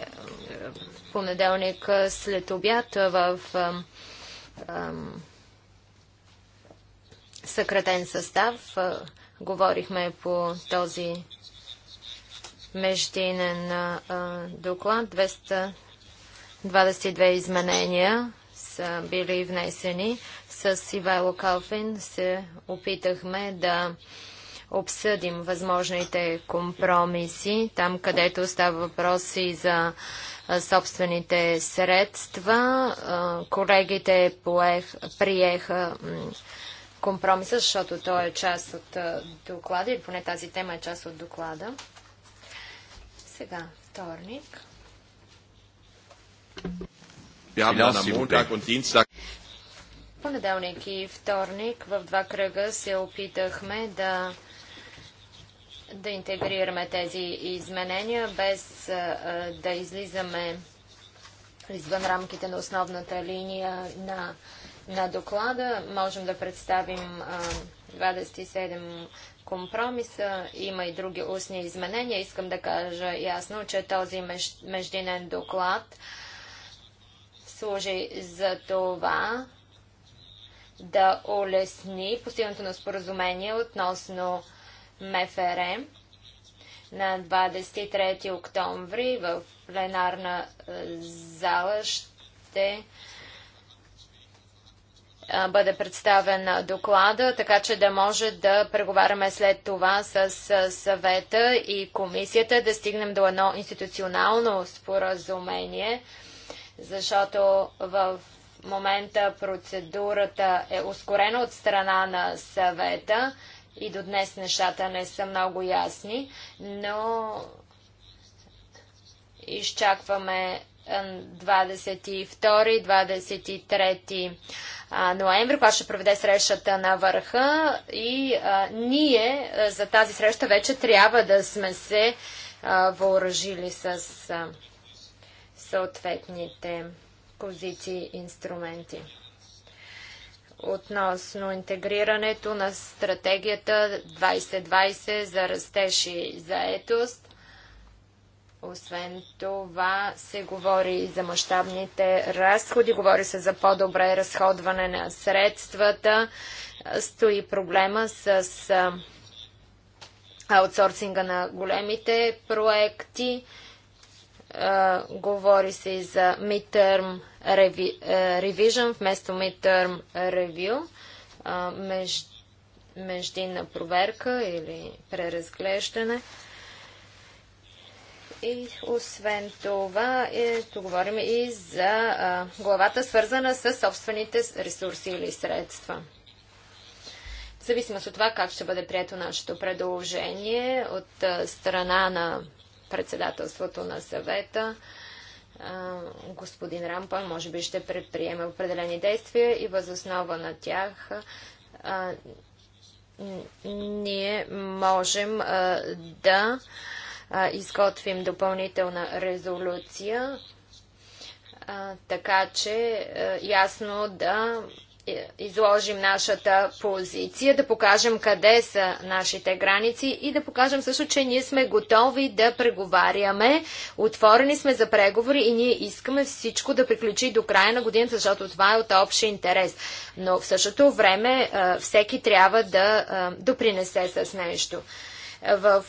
понеделник след обяд в съкратен състав. Говорихме по този междинен доклад. 222 изменения са били внесени. С Ивайло Калфин се опитахме да обсъдим възможните компромиси, там където става въпроси за собствените средства. Колегите поех, приеха компромиса, защото той е част от доклада, или поне тази тема е част от доклада. Сега, вторник. Понеделник и вторник в два кръга се опитахме да да интегрираме тези изменения, без да излизаме извън рамките на основната линия на, на доклада. Можем да представим 27 компромиса. Има и други устни изменения. Искам да кажа ясно, че този меж, междинен доклад служи за това да улесни постигането на споразумение относно МФР на 23 октомври в пленарна е, зала ще е, бъде представен доклада, така че да може да преговаряме след това с е, съвета и комисията, да стигнем до едно институционално споразумение, защото в момента процедурата е ускорена от страна на съвета. И до днес нещата не са много ясни, но изчакваме 22-23 ноември, когато ще проведе срещата на върха и а, ние а, за тази среща вече трябва да сме се а, въоръжили с а, съответните позиции и инструменти относно интегрирането на стратегията 2020 за растеж и заетост. Освен това се говори и за мащабните разходи, говори се за по-добре разходване на средствата. Стои проблема с аутсорсинга на големите проекти говори се и за midterm revision вместо midterm review, меж, междинна проверка или преразглеждане. И освен това, е, тук говорим и за а, главата, свързана с собствените ресурси или средства. В зависимост от това как ще бъде прието нашето предложение от а, страна на председателството на съвета господин Рампа, може би ще предприеме определени действия и възоснова на тях ние можем да изготвим допълнителна резолюция, така че ясно да е, изложим нашата позиция, да покажем къде са нашите граници и да покажем също, че ние сме готови да преговаряме. Отворени сме за преговори и ние искаме всичко да приключи до края на годината, защото това е от общ интерес. Но в същото време е, всеки трябва да е, допринесе с нещо. В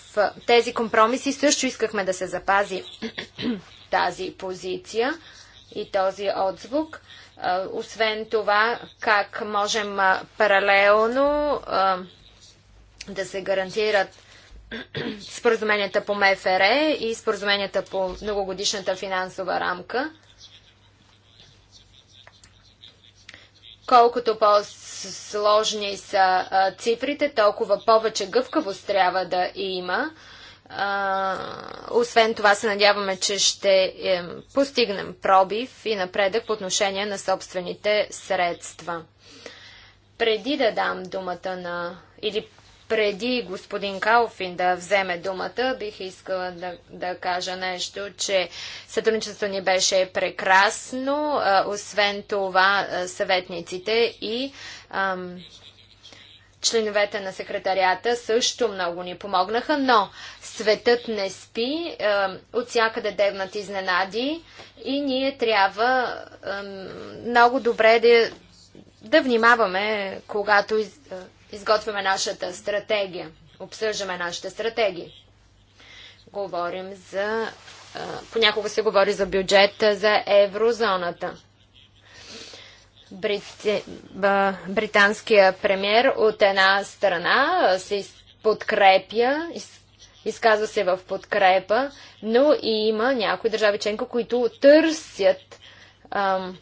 тези компромиси също искахме да се запази тази позиция и този отзвук. Освен това, как можем паралелно да се гарантират споразуменията по МФР и споразуменията по многогодишната финансова рамка. Колкото по-сложни са цифрите, толкова повече гъвкавост трябва да има освен това се надяваме, че ще постигнем пробив и напредък по отношение на собствените средства. Преди да дам думата на или преди господин Калфин да вземе думата, бих искала да, да кажа нещо, че сътрудничеството ни беше прекрасно. Освен това, съветниците и ам, Членовете на секретарията също много ни помогнаха, но светът не спи, е, от всякъде дебнат изненади и ние трябва е, много добре да, да внимаваме, когато из, е, изготвяме нашата стратегия, обсъждаме нашите стратегии. Говорим за. Понякога се говори за бюджет за еврозоната. Е, британския премьер от една страна се подкрепя, изказва се в подкрепа, но и има някои държави членка, които търсят ам,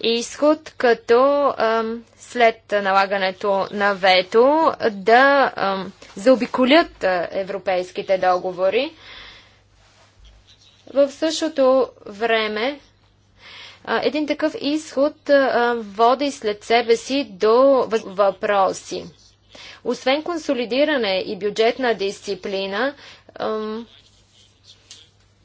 изход, като ам, след налагането на вето да ам, заобиколят европейските договори. В същото време един такъв изход води след себе си до въпроси. Освен консолидиране и бюджетна дисциплина,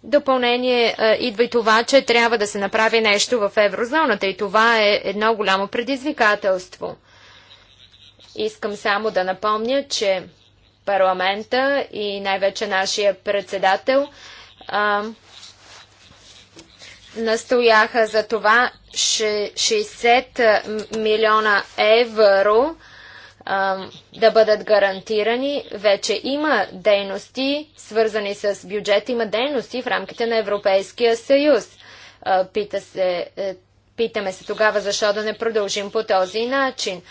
допълнение идва и това, че трябва да се направи нещо в еврозоната и това е едно голямо предизвикателство. Искам само да напомня, че парламента и най-вече нашия председател – настояха за това 60 милиона евро да бъдат гарантирани. Вече има дейности, свързани с бюджет, има дейности в рамките на Европейския съюз. пита се, е, питаме се тогава защо да не продължим по този начин.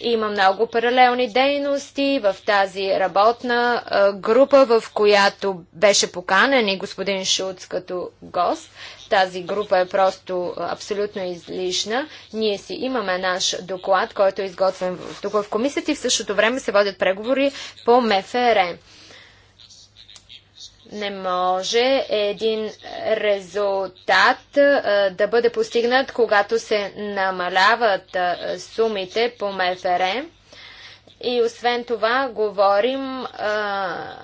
Има много паралелни дейности в тази работна група, в която беше поканен и господин Шуц като гост. Тази група е просто абсолютно излишна. Ние си имаме наш доклад, който е изготвен тук в комисията и в същото време се водят преговори по МФР. Не може един резултат да бъде постигнат, когато се намаляват сумите по МФР. И освен това говорим а,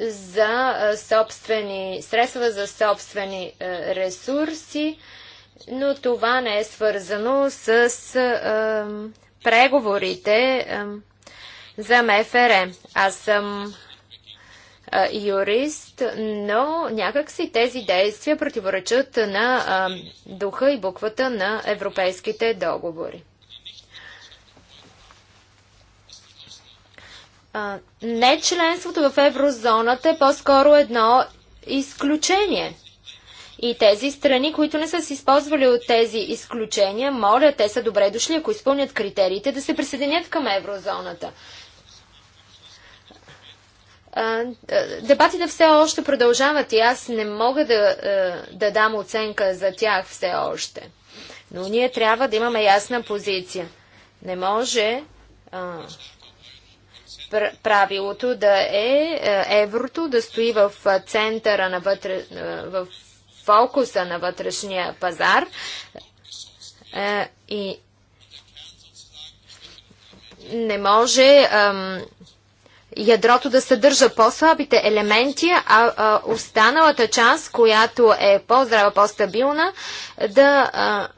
за собствени средства, за собствени ресурси, но това не е свързано с преговорите за МФР. Аз съм юрист, но някакси тези действия противоречат на духа и буквата на европейските договори. не членството в еврозоната е по-скоро едно изключение. И тези страни, които не са се използвали от тези изключения, моля, те са добре дошли, ако изпълнят критериите, да се присъединят към еврозоната. Дебатите все още продължават и аз не мога да, да дам оценка за тях все още. Но ние трябва да имаме ясна позиция. Не може а, правилото да е, е еврото да стои в центъра на вътре, в фокуса на вътрешния пазар е, и не може ядрото да съдържа по-слабите елементи, а, останалата част, която е по-здрава, по-стабилна, да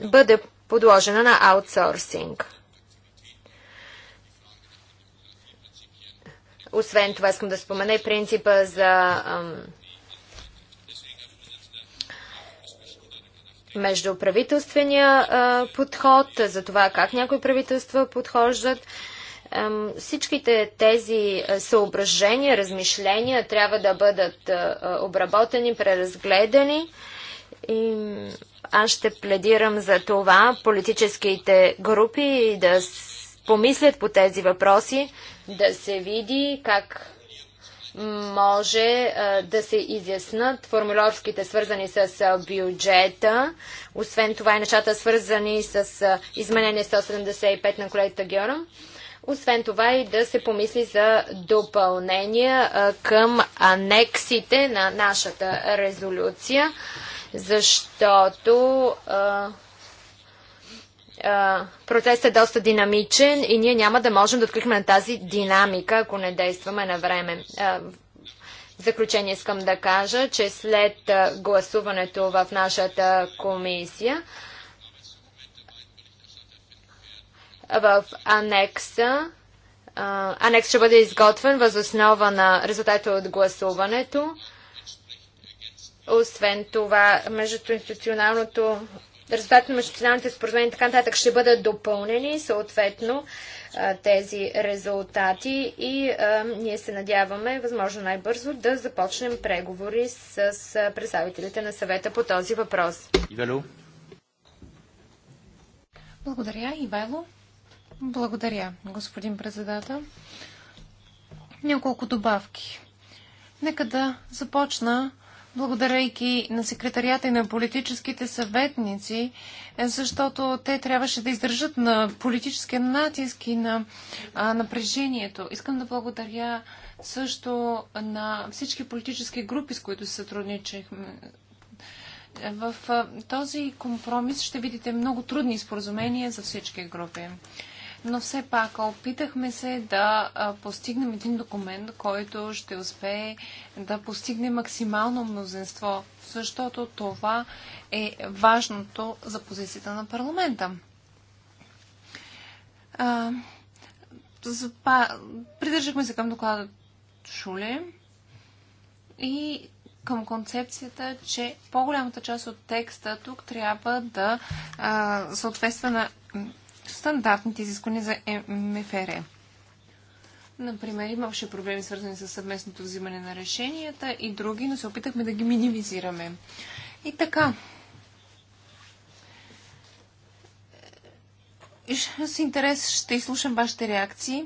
бъде подложена на аутсорсинг. Освен това искам да спомена и принципа за междуправителствения подход, за това как някои правителства подхождат. всичките тези съображения, размишления трябва да бъдат обработени, преразгледани. И аз ще пледирам за това политическите групи да помислят по тези въпроси, да се види как може а, да се изяснат формулировките свързани с а, бюджета. Освен това и нещата свързани с а, изменение 175 на колегата Геора. Освен това и да се помисли за допълнения към анексите на нашата резолюция, защото процесът е доста динамичен и ние няма да можем да откликнем на тази динамика, ако не действаме на време. В заключение искам да кажа, че след гласуването в нашата комисия в анекса анекс ще бъде изготвен възоснова на резултата от гласуването. Освен това, междуинституционалното резултатите на международните споразумения и така нататък ще бъдат допълнени, съответно тези резултати и а, ние се надяваме, възможно най-бързо, да започнем преговори с, с представителите на съвета по този въпрос. Ивело. Благодаря, Ивайло. Благодаря, господин председател. Няколко добавки. Нека да започна благодарейки на секретарията и на политическите съветници, е, защото те трябваше да издържат на политическия натиск и на а, напрежението. Искам да благодаря също на всички политически групи, с които се сътрудничихме. В а, този компромис ще видите много трудни споразумения за всички групи но все пак опитахме се да постигнем един документ, който ще успее да постигне максимално мнозинство, защото това е важното за позицията на парламента. Придържахме се към доклада Шуле и към концепцията, че по-голямата част от текста тук трябва да а, съответства на стандартните изисквания за МФР. Например, имаше проблеми свързани с съвместното взимане на решенията и други, но се опитахме да ги минимизираме. И така, е, с интерес ще изслушам вашите реакции.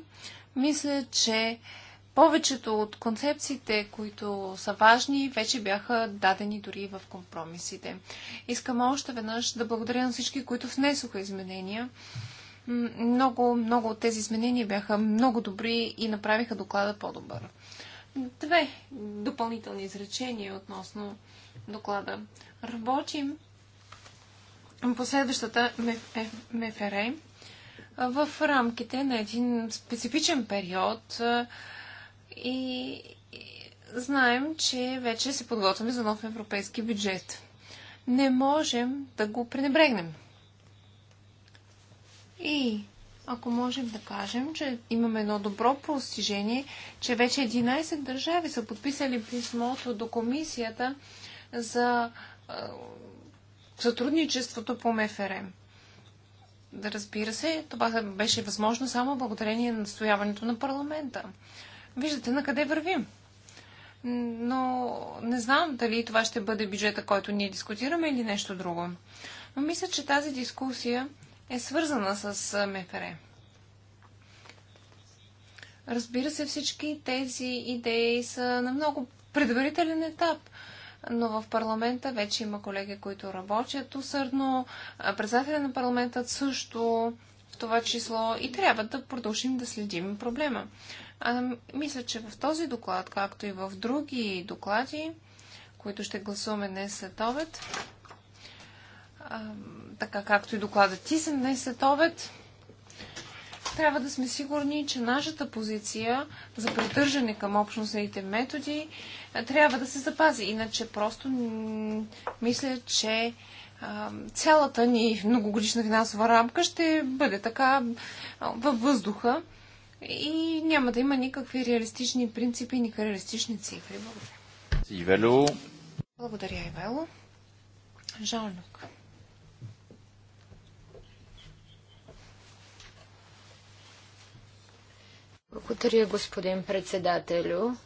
Мисля, че повечето от концепциите, които са важни, вече бяха дадени дори в компромисите. Искам още веднъж да благодаря на всички, които внесоха изменения. Много, много от тези изменения бяха много добри и направиха доклада по-добър. Две допълнителни изречения относно доклада. Работим по следващата МФР в рамките на един специфичен период и знаем, че вече се подготвяме за нов европейски бюджет. Не можем да го пренебрегнем. И ако можем да кажем, че имаме едно добро постижение, че вече 11 държави са подписали писмото до комисията за сътрудничеството по МФРМ. Да разбира се, това беше възможно само благодарение на настояването на парламента. Виждате на къде вървим. Но не знам дали това ще бъде бюджета, който ние дискутираме или нещо друго. Но мисля, че тази дискусия е свързана с МФР. Разбира се, всички тези идеи са на много предварителен етап. Но в парламента вече има колеги, които работят усърдно. Председателя на парламентът също в това число и трябва да продължим да следим проблема. А, мисля, че в този доклад, както и в други доклади, които ще гласуваме днес след обед, така както и доклада Тисен днес след обед, трябва да сме сигурни, че нашата позиция за придържане към общностните методи трябва да се запази. Иначе просто мисля, че цялата ни многогодишна финансова рамка ще бъде така във въздуха и няма да има никакви реалистични принципи, никакви реалистични цифри. Благодаря. Благодаря, Ивело. Жалнок. Благодаря, господин председателю.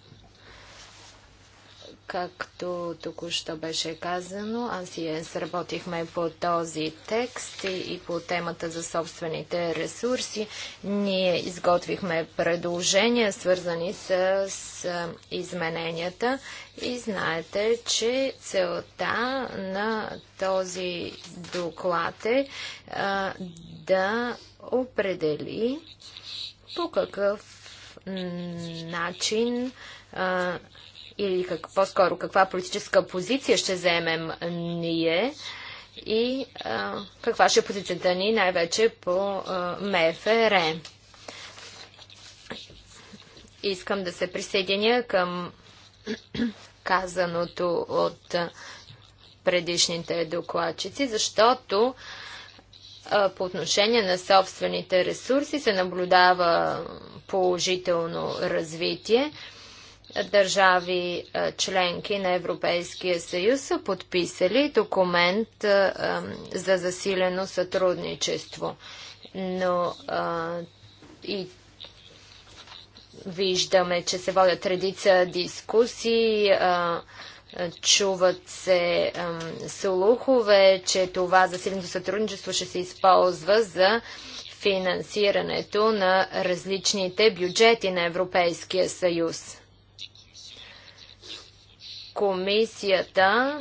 Както току-що беше казано, аз и Енс работихме по този текст и, и по темата за собствените ресурси. Ние изготвихме предложения, свързани с, с измененията и знаете, че целта на този доклад е а, да определи по какъв начин а, или как, по-скоро каква политическа позиция ще вземем ние и а, каква ще е позицията ни най-вече по а, МФР. Искам да се присъединя към казаното от предишните докладчици, защото по отношение на собствените ресурси се наблюдава положително развитие. Държави членки на Европейския съюз са подписали документ за засилено сътрудничество. Но и виждаме, че се водят редица дискусии, Чуват се слухове, че това засиленото сътрудничество ще се използва за финансирането на различните бюджети на Европейския съюз. Комисията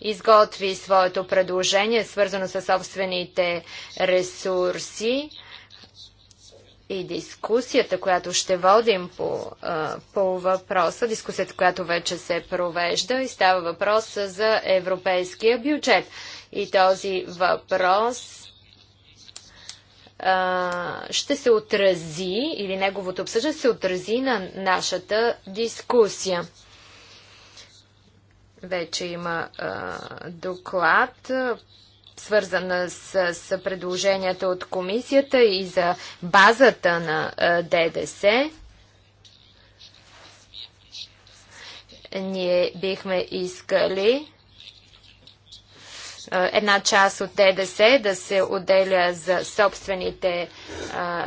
изготви своето предложение, свързано с собствените ресурси и дискусията, която ще водим по, по въпроса, дискусията, която вече се провежда и става въпрос за европейския бюджет. И този въпрос ще се отрази или неговото обсъждане се отрази на нашата дискусия. Вече има а, доклад свързана с, с предложенията от комисията и за базата на ДДС. Ние бихме искали една част от ДДС да се отделя за собствените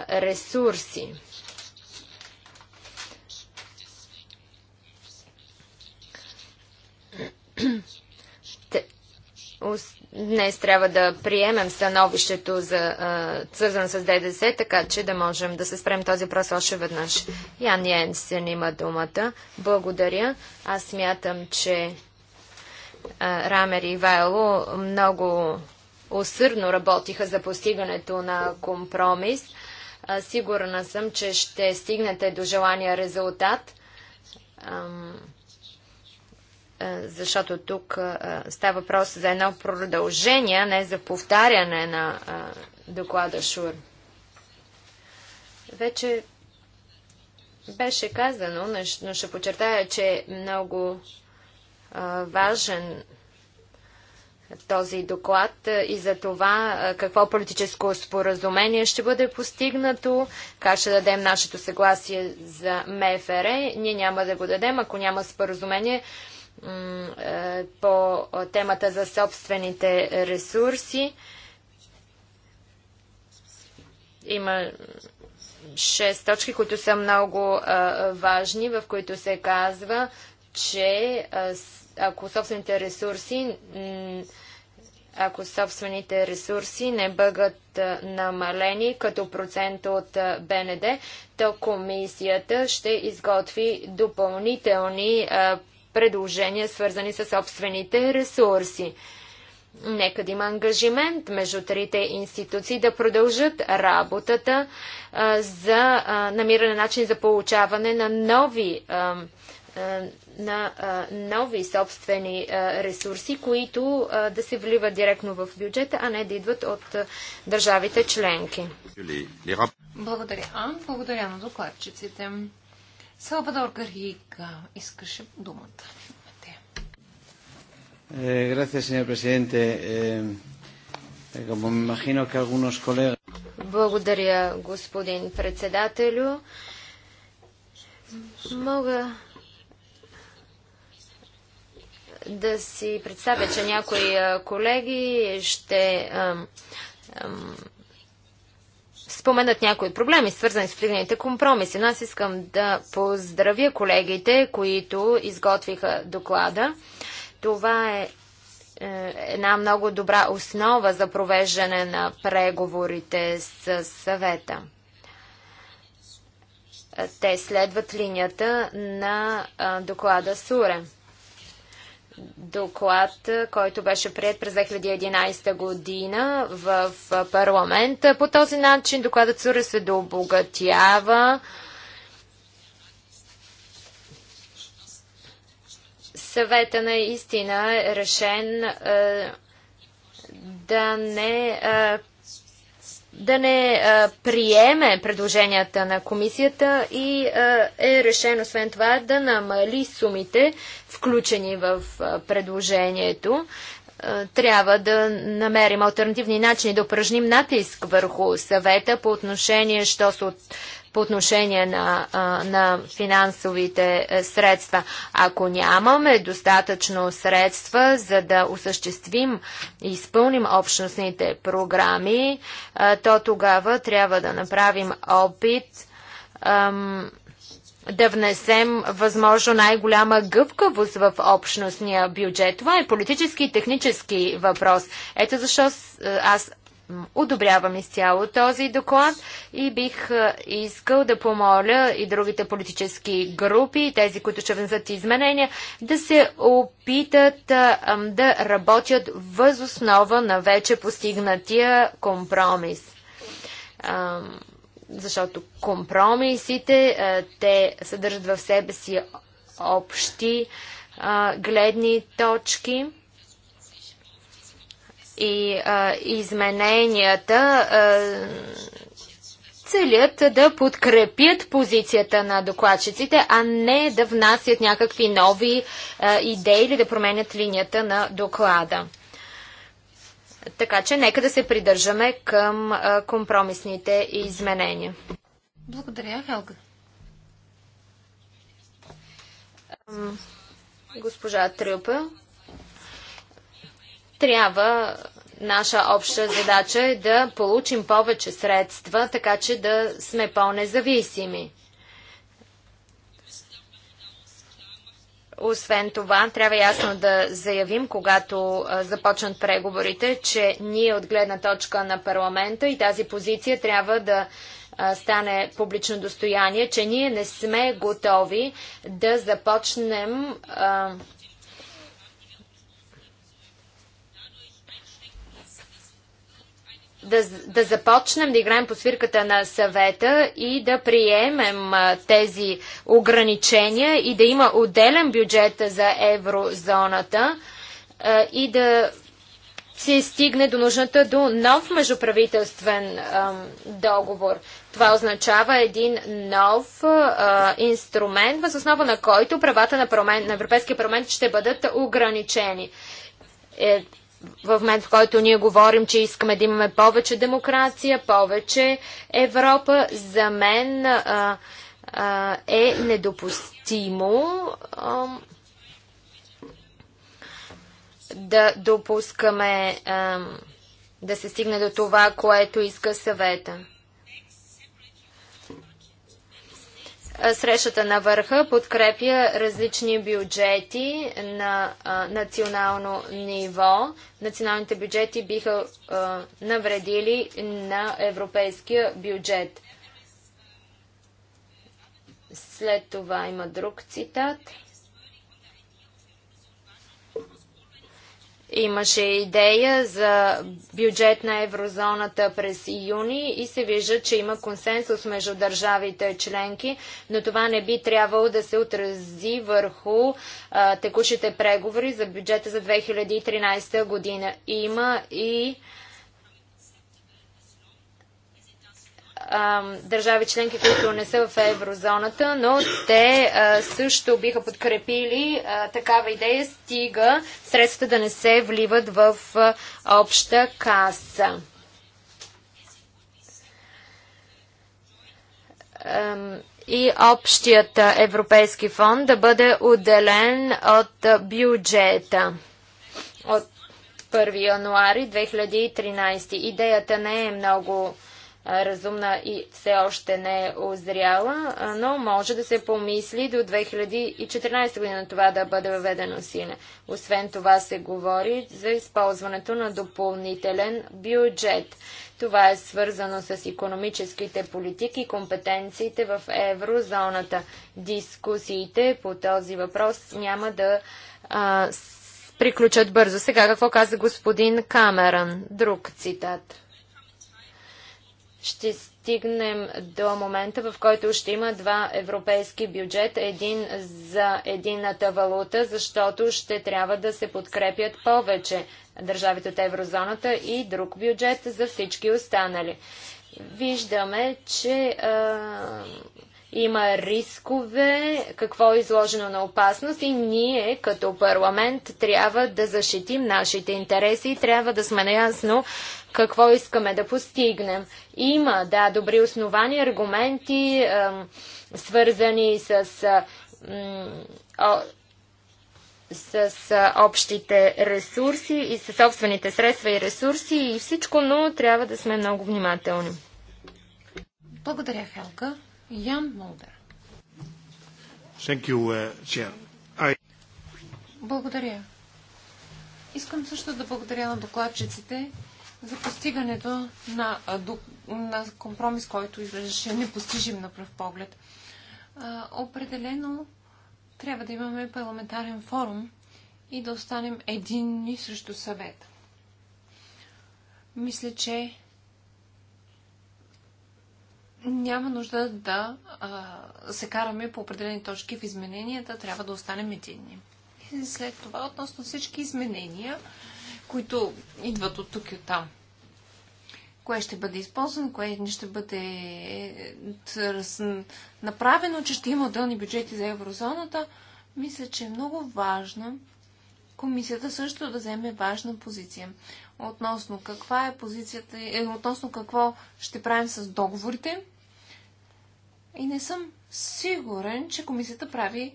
ресурси. Mm-hmm. Днес трябва да приемем становището за свързан с ДДС, така че да можем да се спрем този въпрос още веднъж. Ян Йенсен има думата. Благодаря. Аз смятам, че Рамер и Вайло много усърдно работиха за постигането на компромис. сигурна съм, че ще стигнете до желания резултат. Ам е, защото тук е, става въпрос за едно продължение, не за повтаряне на е, доклада ШУР. Вече беше казано, но ще подчертая, че е много важен този доклад и за това какво политическо споразумение ще бъде постигнато, как ще дадем нашето съгласие за МФР. Ние няма да го дадем, ако няма споразумение е, по темата за собствените ресурси. Има шест точки, които са много е, важни, в които се казва, че е, ако собствените ресурси ако собствените ресурси не бъдат намалени като процент от БНД, то комисията ще изготви допълнителни предложения, свързани с собствените ресурси. Нека да има ангажимент между трите институции да продължат работата а, за а, намиране начин за получаване на нови, а, на, нови собствени ресурси, които да се вливат директно в бюджета, а не да идват от държавите членки. Благодаря. благодаря на докладчиците. Салвадор Гарига искаше думата. Е, е, е, Благодаря, господин председателю. Мога да си представя, че някои колеги ще ам, ам, споменат някои проблеми, свързани с постигнатите компромиси. Но аз искам да поздравя колегите, които изготвиха доклада. Това е, е една много добра основа за провеждане на преговорите с съвета. Те следват линията на доклада Суре доклад, който беше прият през 2011 година в парламента. По този начин докладът Суре се дообогатява. Съвета наистина е решен да не да не а, приеме предложенията на комисията и а, е решено освен това да намали сумите, включени в а, предложението. А, трябва да намерим альтернативни начини да упражним натиск върху съвета по отношение, що се от, по отношение на, на финансовите е, средства. Ако нямаме достатъчно средства, за да осъществим и изпълним общностните програми, то тогава трябва да направим опит да внесем възможно най-голяма гъвкавост в общностния бюджет. Това е политически и технически въпрос. Ето защо е, аз одобрявам изцяло този доклад и бих е, искал да помоля и другите политически групи, и тези, които ще внесат изменения, да се опитат е, да работят възоснова на вече постигнатия компромис защото компромисите, е, те съдържат в себе си общи гледни точки и а, измененията а, целят да подкрепят позицията на докладчиците, а не да внасят някакви нови а, идеи или да променят линията на доклада. Така че нека да се придържаме към а, компромисните изменения. Благодаря, Хелга. Госпожа Трюпа, трябва наша обща задача е да получим повече средства, така че да сме по-независими. Освен това, трябва ясно да заявим, когато започнат преговорите, че ние от гледна точка на парламента и тази позиция трябва да стане публично достояние, че ние не сме готови да започнем а, да, да започнем да играем по свирката на съвета и да приемем тези ограничения и да има отделен бюджет за еврозоната и да се стигне до нужната до нов междуправителствен договор. Това означава един нов а, инструмент, въз основа на който правата на, парламент, на Европейския парламент ще бъдат ограничени. Е, в момент, в който ние говорим, че искаме да имаме повече демокрация, повече Европа, за мен а, а, е недопустимо а, да допускаме а, да се стигне до това, което иска съвета. Срещата на върха подкрепя различни бюджети на а, национално ниво. Националните бюджети биха а, навредили на европейския бюджет. След това има друг цитат. Имаше идея за бюджет на еврозоната през юни и се вижда, че има консенсус между държавите членки, но това не би трябвало да се отрази върху а, текущите преговори за бюджета за 2013 година. Има и държави членки, които не са в еврозоната, но те а, също биха подкрепили а, такава идея, стига средствата да не се вливат в обща каса. и общият европейски фонд да бъде отделен от бюджета от 1 януари 2013. Идеята не е много разумна и все още не е озряла, но може да се помисли до 2014 година това да бъде въведено сине. Освен това се говори за използването на допълнителен бюджет. Това е свързано с економическите политики и компетенциите в еврозоната. Дискусиите по този въпрос няма да а, приключат бързо. Сега какво каза господин Камеран? Друг цитат ще стигнем до момента, в който ще има два европейски бюджет, един за едината валута, защото ще трябва да се подкрепят повече държавите от еврозоната и друг бюджет за всички останали. Виждаме, че а, има рискове, какво е изложено на опасност и ние като парламент трябва да защитим нашите интереси и трябва да сме наясно, какво искаме да постигнем. Има, да, добри основани аргументи, свързани с, о, с общите ресурси и с собствените средства и ресурси и всичко, но трябва да сме много внимателни. Благодаря, Хелка, Ян Молдер. Uh, благодаря. Искам също да благодаря на докладчиците за постигането на, на компромис, който изглеждаше непостижим на пръв поглед. определено трябва да имаме парламентарен форум и да останем единни срещу съвета. Мисля, че няма нужда да а, се караме по определени точки в измененията, трябва да останем единни. И след това, относно всички изменения, които идват от тук и от там. Кое ще бъде използвано, кое не ще бъде е, направено, че ще има отделни бюджети за еврозоната, мисля, че е много важно комисията също да вземе важна позиция. Относно каква е позицията, е, относно какво ще правим с договорите. И не съм сигурен, че комисията прави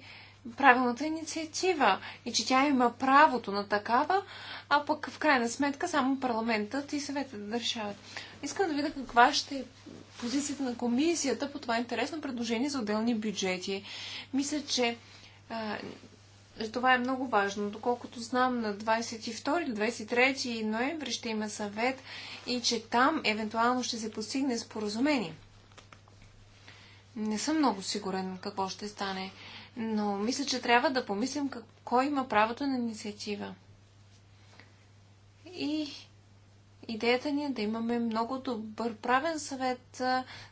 правилната инициатива и че тя има правото на такава, а пък в крайна сметка само парламентът и съветът да държават. Искам да видя каква ще е позицията на комисията по това интересно предложение за отделни бюджети. Мисля, че а, това е много важно. Доколкото знам, на 22 или 23 ноември ще има съвет и че там евентуално ще се постигне споразумение. Не съм много сигурен какво ще стане но мисля, че трябва да помислим как, кой има правото на инициатива. И идеята ни е да имаме много добър правен съвет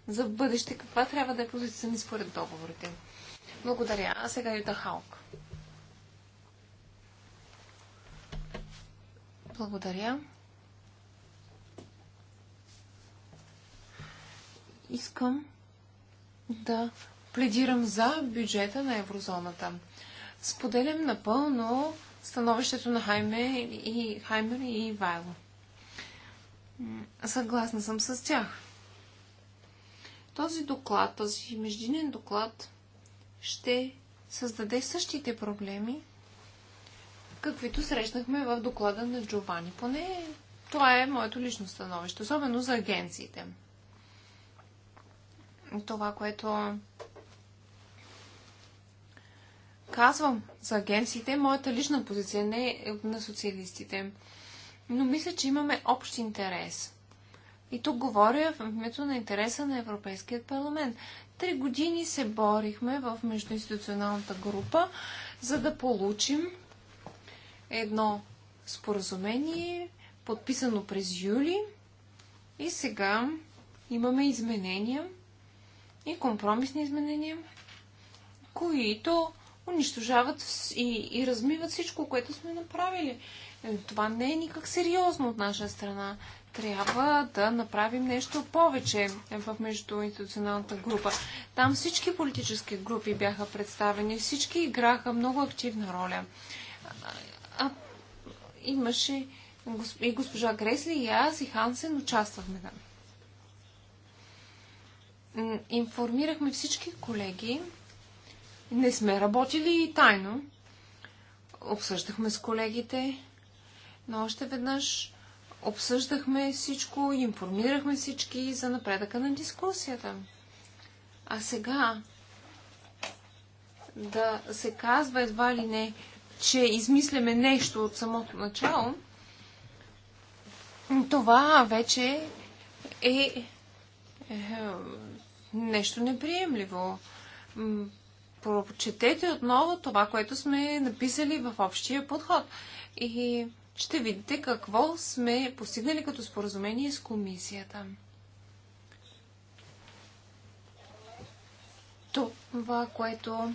за бъдеще, каква трябва да е позицията ни според договорите. Благодаря. А сега Юта Халк. Благодаря. Искам да пледирам за бюджета на еврозоната. Споделям напълно становището на Хайме и, Хаймер и Вайло. Съгласна съм с тях. Този доклад, този междинен доклад ще създаде същите проблеми, каквито срещнахме в доклада на Джовани. Поне това е моето лично становище, особено за агенциите. Това, което Казвам за агенциите, моята лична позиция не е на социалистите. Но мисля, че имаме общ интерес. И тук говоря в името на интереса на Европейският парламент. Три години се борихме в междуинституционалната група, за да получим едно споразумение, подписано през юли. И сега имаме изменения и компромисни изменения, които унищожават и, и размиват всичко, което сме направили. Е, това не е никак сериозно от наша страна. Трябва да направим нещо повече в междуинституционалната група. Там всички политически групи бяха представени, всички играха много активна роля. А, а имаше и госпожа Гресли, и аз, и Хансен участвахме там. Информирахме всички колеги, не сме работили тайно. Обсъждахме с колегите, но още веднъж обсъждахме всичко, информирахме всички за напредъка на дискусията. А сега да се казва едва ли не, че измисляме нещо от самото начало, това вече е, е, е нещо неприемливо прочетете отново това, което сме написали в общия подход. И ще видите какво сме постигнали като споразумение с комисията. Това, което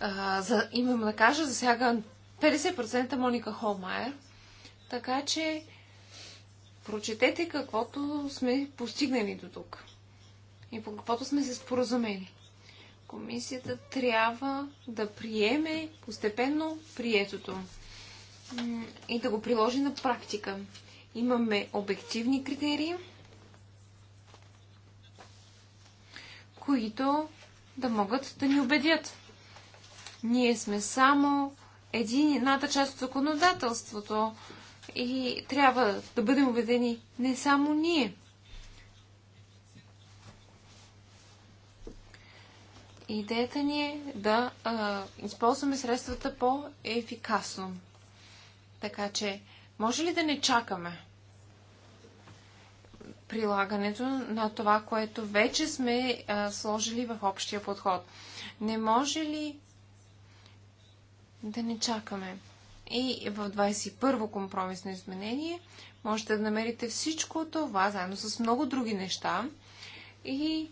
а, за, имам да кажа, засяга 50% Моника Холмайер. Така че прочетете каквото сме постигнали до тук и по каквото сме се споразумели комисията трябва да приеме постепенно приетото и да го приложи на практика. Имаме обективни критерии, които да могат да ни убедят. Ние сме само един, едната част от законодателството и трябва да бъдем убедени не само ние. идеята ни е да а, използваме средствата по-ефикасно. Така че, може ли да не чакаме прилагането на това, което вече сме а, сложили в общия подход? Не може ли да не чакаме? И в 21-во компромисно изменение можете да намерите всичко това, заедно с много други неща. И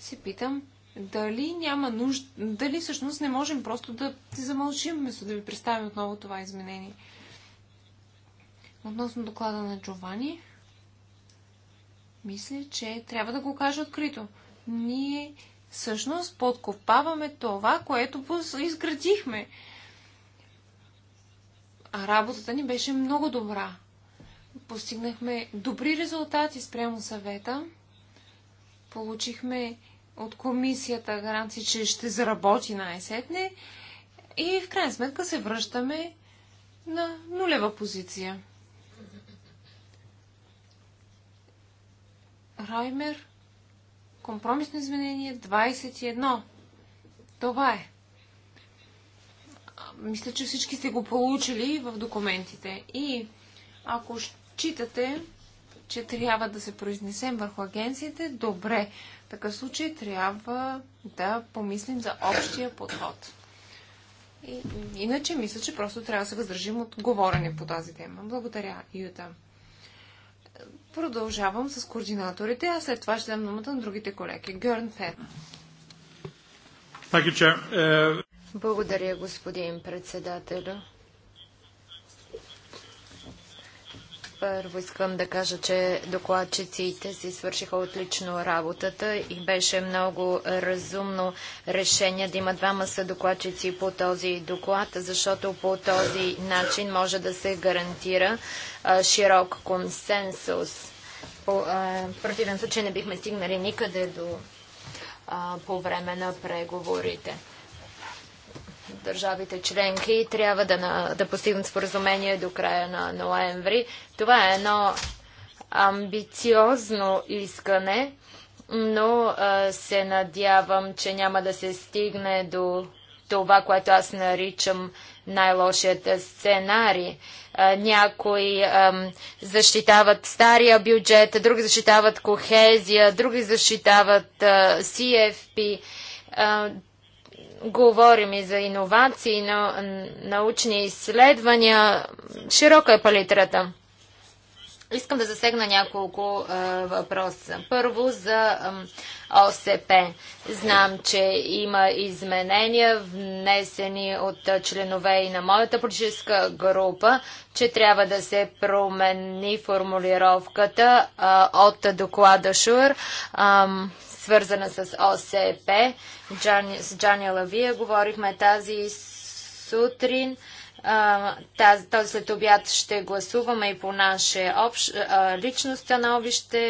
се питам, дали няма нужда, дали всъщност не можем просто да се замълчим, вместо да ви представим отново това изменение. Относно доклада на Джовани, мисля, че трябва да го кажа открито. Ние всъщност подкопаваме това, което изградихме. А работата ни беше много добра. Постигнахме добри резултати спрямо съвета. Получихме от комисията гаранции, че ще заработи най-сетне. И в крайна сметка се връщаме на нулева позиция. Раймер, компромисно изменение 21. Това е. Мисля, че всички сте го получили в документите. И ако считате, че трябва да се произнесем върху агенциите, добре такъв случай трябва да помислим за общия подход. И, иначе мисля, че просто трябва да се въздържим от говорене по тази тема. Благодаря, Юта. Продължавам с координаторите, а след това ще дам думата на другите колеги. Гьорн Фен. Е, Благодаря, господин председател. Първо искам да кажа, че докладчиците си свършиха отлично работата и беше много разумно решение да има двама са докладчици по този доклад, защото по този начин може да се гарантира а, широк консенсус. По, а, в противен случай не бихме стигнали никъде до, а, по време на преговорите държавите членки трябва да, на, да постигнат споразумение до края на ноември. Това е едно амбициозно искане, но а, се надявам, че няма да се стигне до това, което аз наричам най-лошият сценарий. някои ам, защитават стария бюджет, други защитават кохезия, други защитават CFP Говорим и за иновации, но научни изследвания. Широка е палитрата. Искам да засегна няколко а, въпроса. Първо за а, ОСП. Знам, че има изменения, внесени от а, членове и на моята политическа група, че трябва да се промени формулировката а, от доклада ШУР. А, свързана с ОСП. с Джани Лавия говорихме тази сутрин. този след обяд ще гласуваме и по наше общ, лично становище,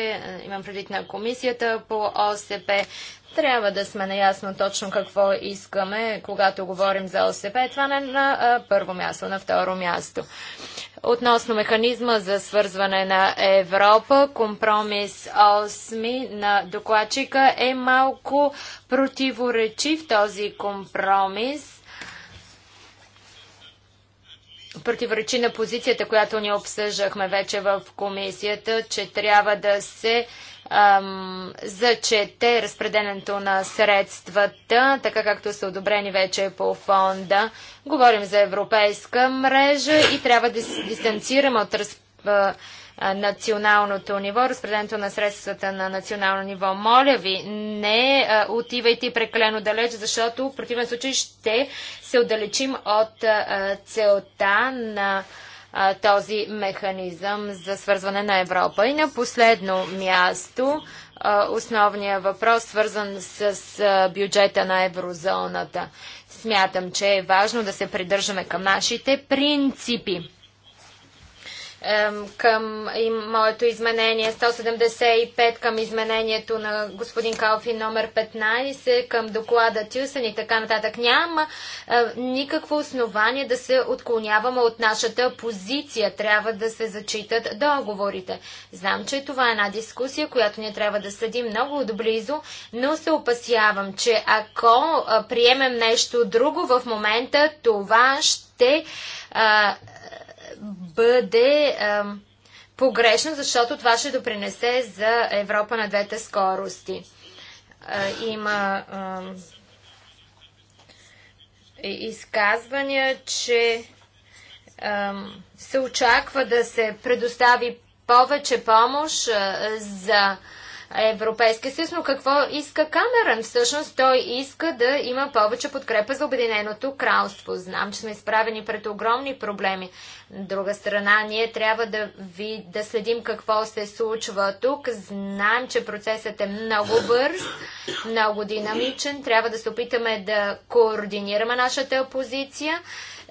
имам предвид на комисията по ОСП. Трябва да сме наясно точно какво искаме, когато говорим за ОСП. Това не е на първо място, на второ място. Относно механизма за свързване на Европа, компромис 8 на докладчика е малко противоречив този компромис. Противоречи на позицията, която ни обсъждахме вече в комисията, че трябва да се за зачете разпределенето на средствата, така както са одобрени вече по фонда. Говорим за европейска мрежа и трябва да се дистанцираме от националното ниво, разпределението на средствата на национално ниво. Моля ви, не отивайте прекалено далеч, защото в противен случай ще се отдалечим от целта на този механизъм за свързване на Европа. И на последно място основният въпрос, свързан с бюджета на еврозоната. Смятам, че е важно да се придържаме към нашите принципи към моето изменение 175, към изменението на господин Калфи номер 15, към доклада Тюсен и така нататък. Няма е, никакво основание да се отклоняваме от нашата позиция. Трябва да се зачитат договорите. Знам, че това е една дискусия, която ние трябва да съдим много отблизо, но се опасявам, че ако е, приемем нещо друго в момента, това ще е, бъде погрешно, защото това ще допринесе за Европа на двете скорости. Има изказвания, че се очаква да се предостави повече помощ за Европейския съюз, но какво иска Камерън? Всъщност той иска да има повече подкрепа за Обединеното кралство. Знам, че сме изправени пред огромни проблеми друга страна, ние трябва да, ви, да следим какво се случва тук. Знаем, че процесът е много бърз, много динамичен. Трябва да се опитаме да координираме нашата позиция.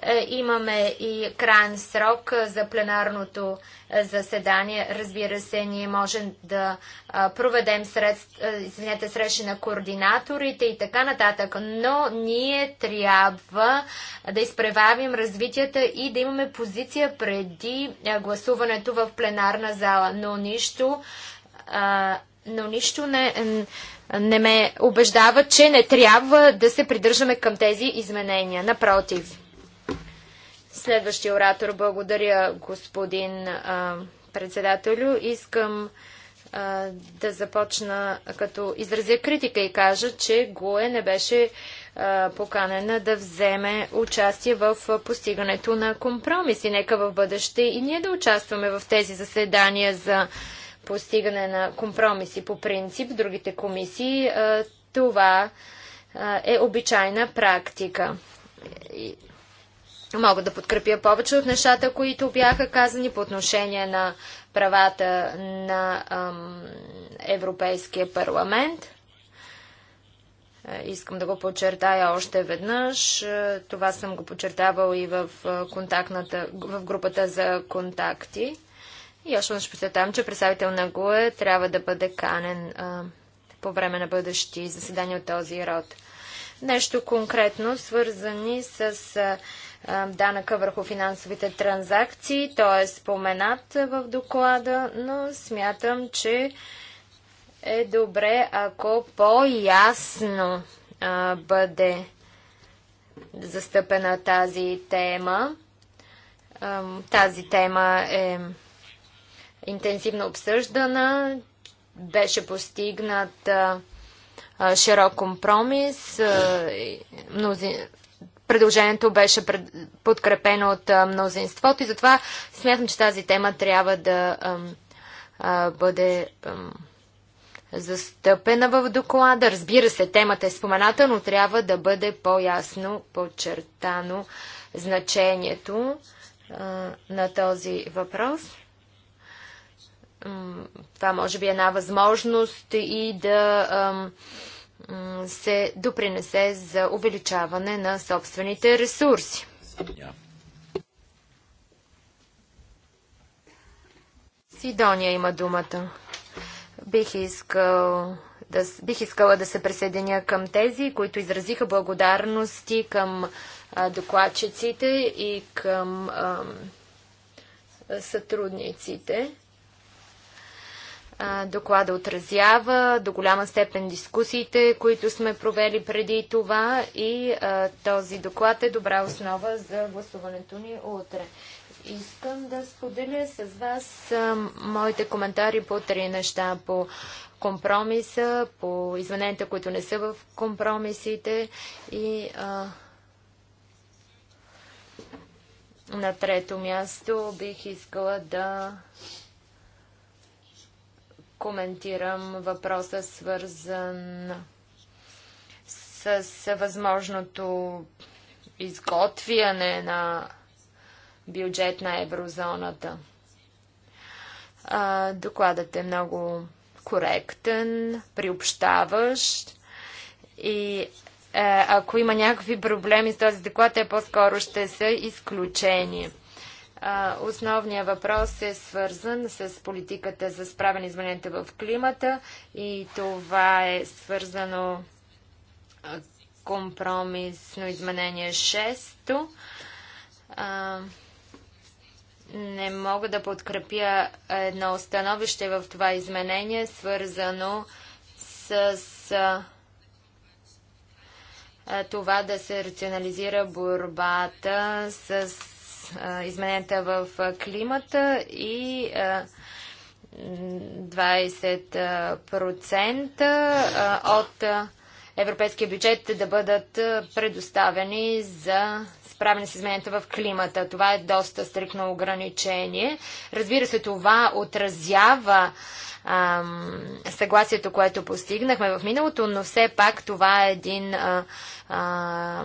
Е, имаме и крайен срок е, за пленарното е, заседание. Разбира се, ние можем да проведем извинете, срещи на координаторите и така нататък, но ние трябва да изпреварим развитията и да имаме позиция преди гласуването в пленарна зала. Но нищо, но нищо не, не ме убеждава, че не трябва да се придържаме към тези изменения. Напротив. Следващия оратор, благодаря господин а, председателю. Искам а, да започна като изразя критика и кажа, че Гуе не беше а, поканена да вземе участие в постигането на компромиси. Нека в бъдеще и ние да участваме в тези заседания за постигане на компромиси по принцип. Другите комисии това е обичайна практика. Мога да подкрепя повече от нещата, които бяха казани по отношение на правата на ам, Европейския парламент. Е, искам да го подчертая още веднъж. Е, това съм го подчертавал и в, е, контактната, в групата за контакти. И още ще подчертавам, че представител на ГУЕ трябва да бъде канен а, по време на бъдещи заседания от този род. Нещо конкретно, свързани с а, данъка върху финансовите транзакции. Той е споменат в доклада, но смятам, че е добре, ако по-ясно бъде застъпена тази тема. тази тема е интенсивно обсъждана. Беше постигнат широк компромис. А, Предложението беше пред... подкрепено от а, мнозинството и затова смятам, че тази тема трябва да ам, а, бъде ам, застъпена в доклада. Разбира се, темата е спомената, но трябва да бъде по-ясно подчертано значението а, на този въпрос това може би е една възможност и да ам, се допринесе за увеличаване на собствените ресурси. Сидония има думата. Бих, искал да, бих искала да се присъединя към тези, които изразиха благодарности към а, докладчиците и към а, сътрудниците. Доклада отразява до голяма степен дискусиите, които сме провели преди това и а, този доклад е добра основа за гласуването ни утре. Искам да споделя с вас а, моите коментари по три неща. По компромиса, по измененията, които не са в компромисите и а, на трето място бих искала да коментирам въпроса свързан с възможното изготвяне на бюджет на еврозоната. Докладът е много коректен, приобщаващ и е, ако има някакви проблеми с този доклад, те по-скоро ще са изключени. Основният въпрос е свързан с политиката за справяне измененията в климата и това е свързано компромисно изменение 6. то не мога да подкрепя едно становище в това изменение, свързано с това да се рационализира борбата с измененията в климата и 20% от европейския бюджет да бъдат предоставени за справяне с измененията в климата. Това е доста стрикно ограничение. Разбира се, това отразява ам, съгласието, което постигнахме в миналото, но все пак това е един а, а,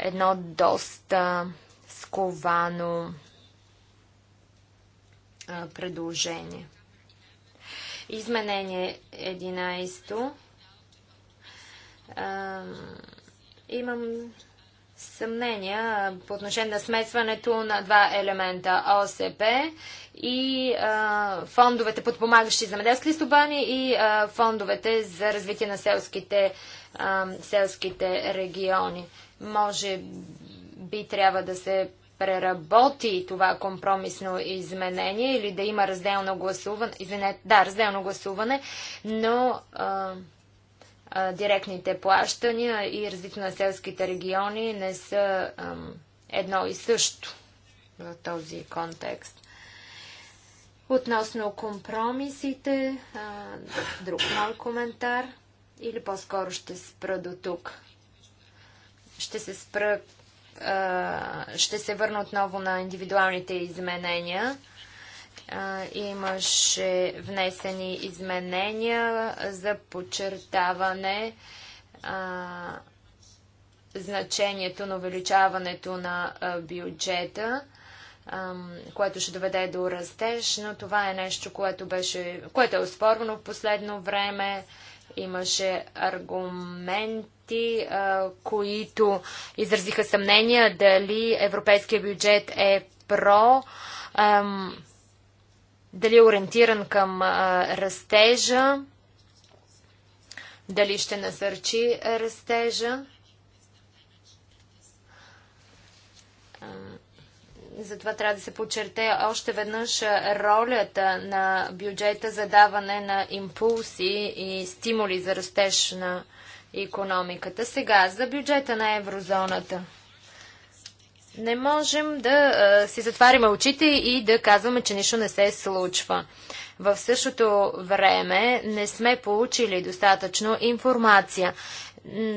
едно доста ковано а, предложение. Изменение 11. А, имам съмнения по отношение на смесването на два елемента ОСП и а, фондовете подпомагащи земеделски стопани и а, фондовете за развитие на селските, а, селските региони. Може би трябва да се преработи това компромисно изменение или да има разделно гласуване, извине, да, разделно гласуване, но а, а, директните плащания и развитие на селските региони не са а, едно и също в този контекст. Относно компромисите, а, друг мой коментар или по-скоро ще спра до тук. Ще се спра ще се върна отново на индивидуалните изменения. Имаше внесени изменения за подчертаване значението на увеличаването на бюджета, което ще доведе до растеж, но това е нещо, което, беше, което е оспорвано в последно време. Имаше аргумент депутати, които изразиха съмнения дали европейския бюджет е про, дали е ориентиран към растежа, дали ще насърчи растежа. Затова трябва да се подчерте още веднъж ролята на бюджета за даване на импулси и стимули за растеж на економиката. Сега за бюджета на еврозоната. Не можем да а, си затваряме очите и да казваме, че нищо не се случва. В същото време не сме получили достатъчно информация.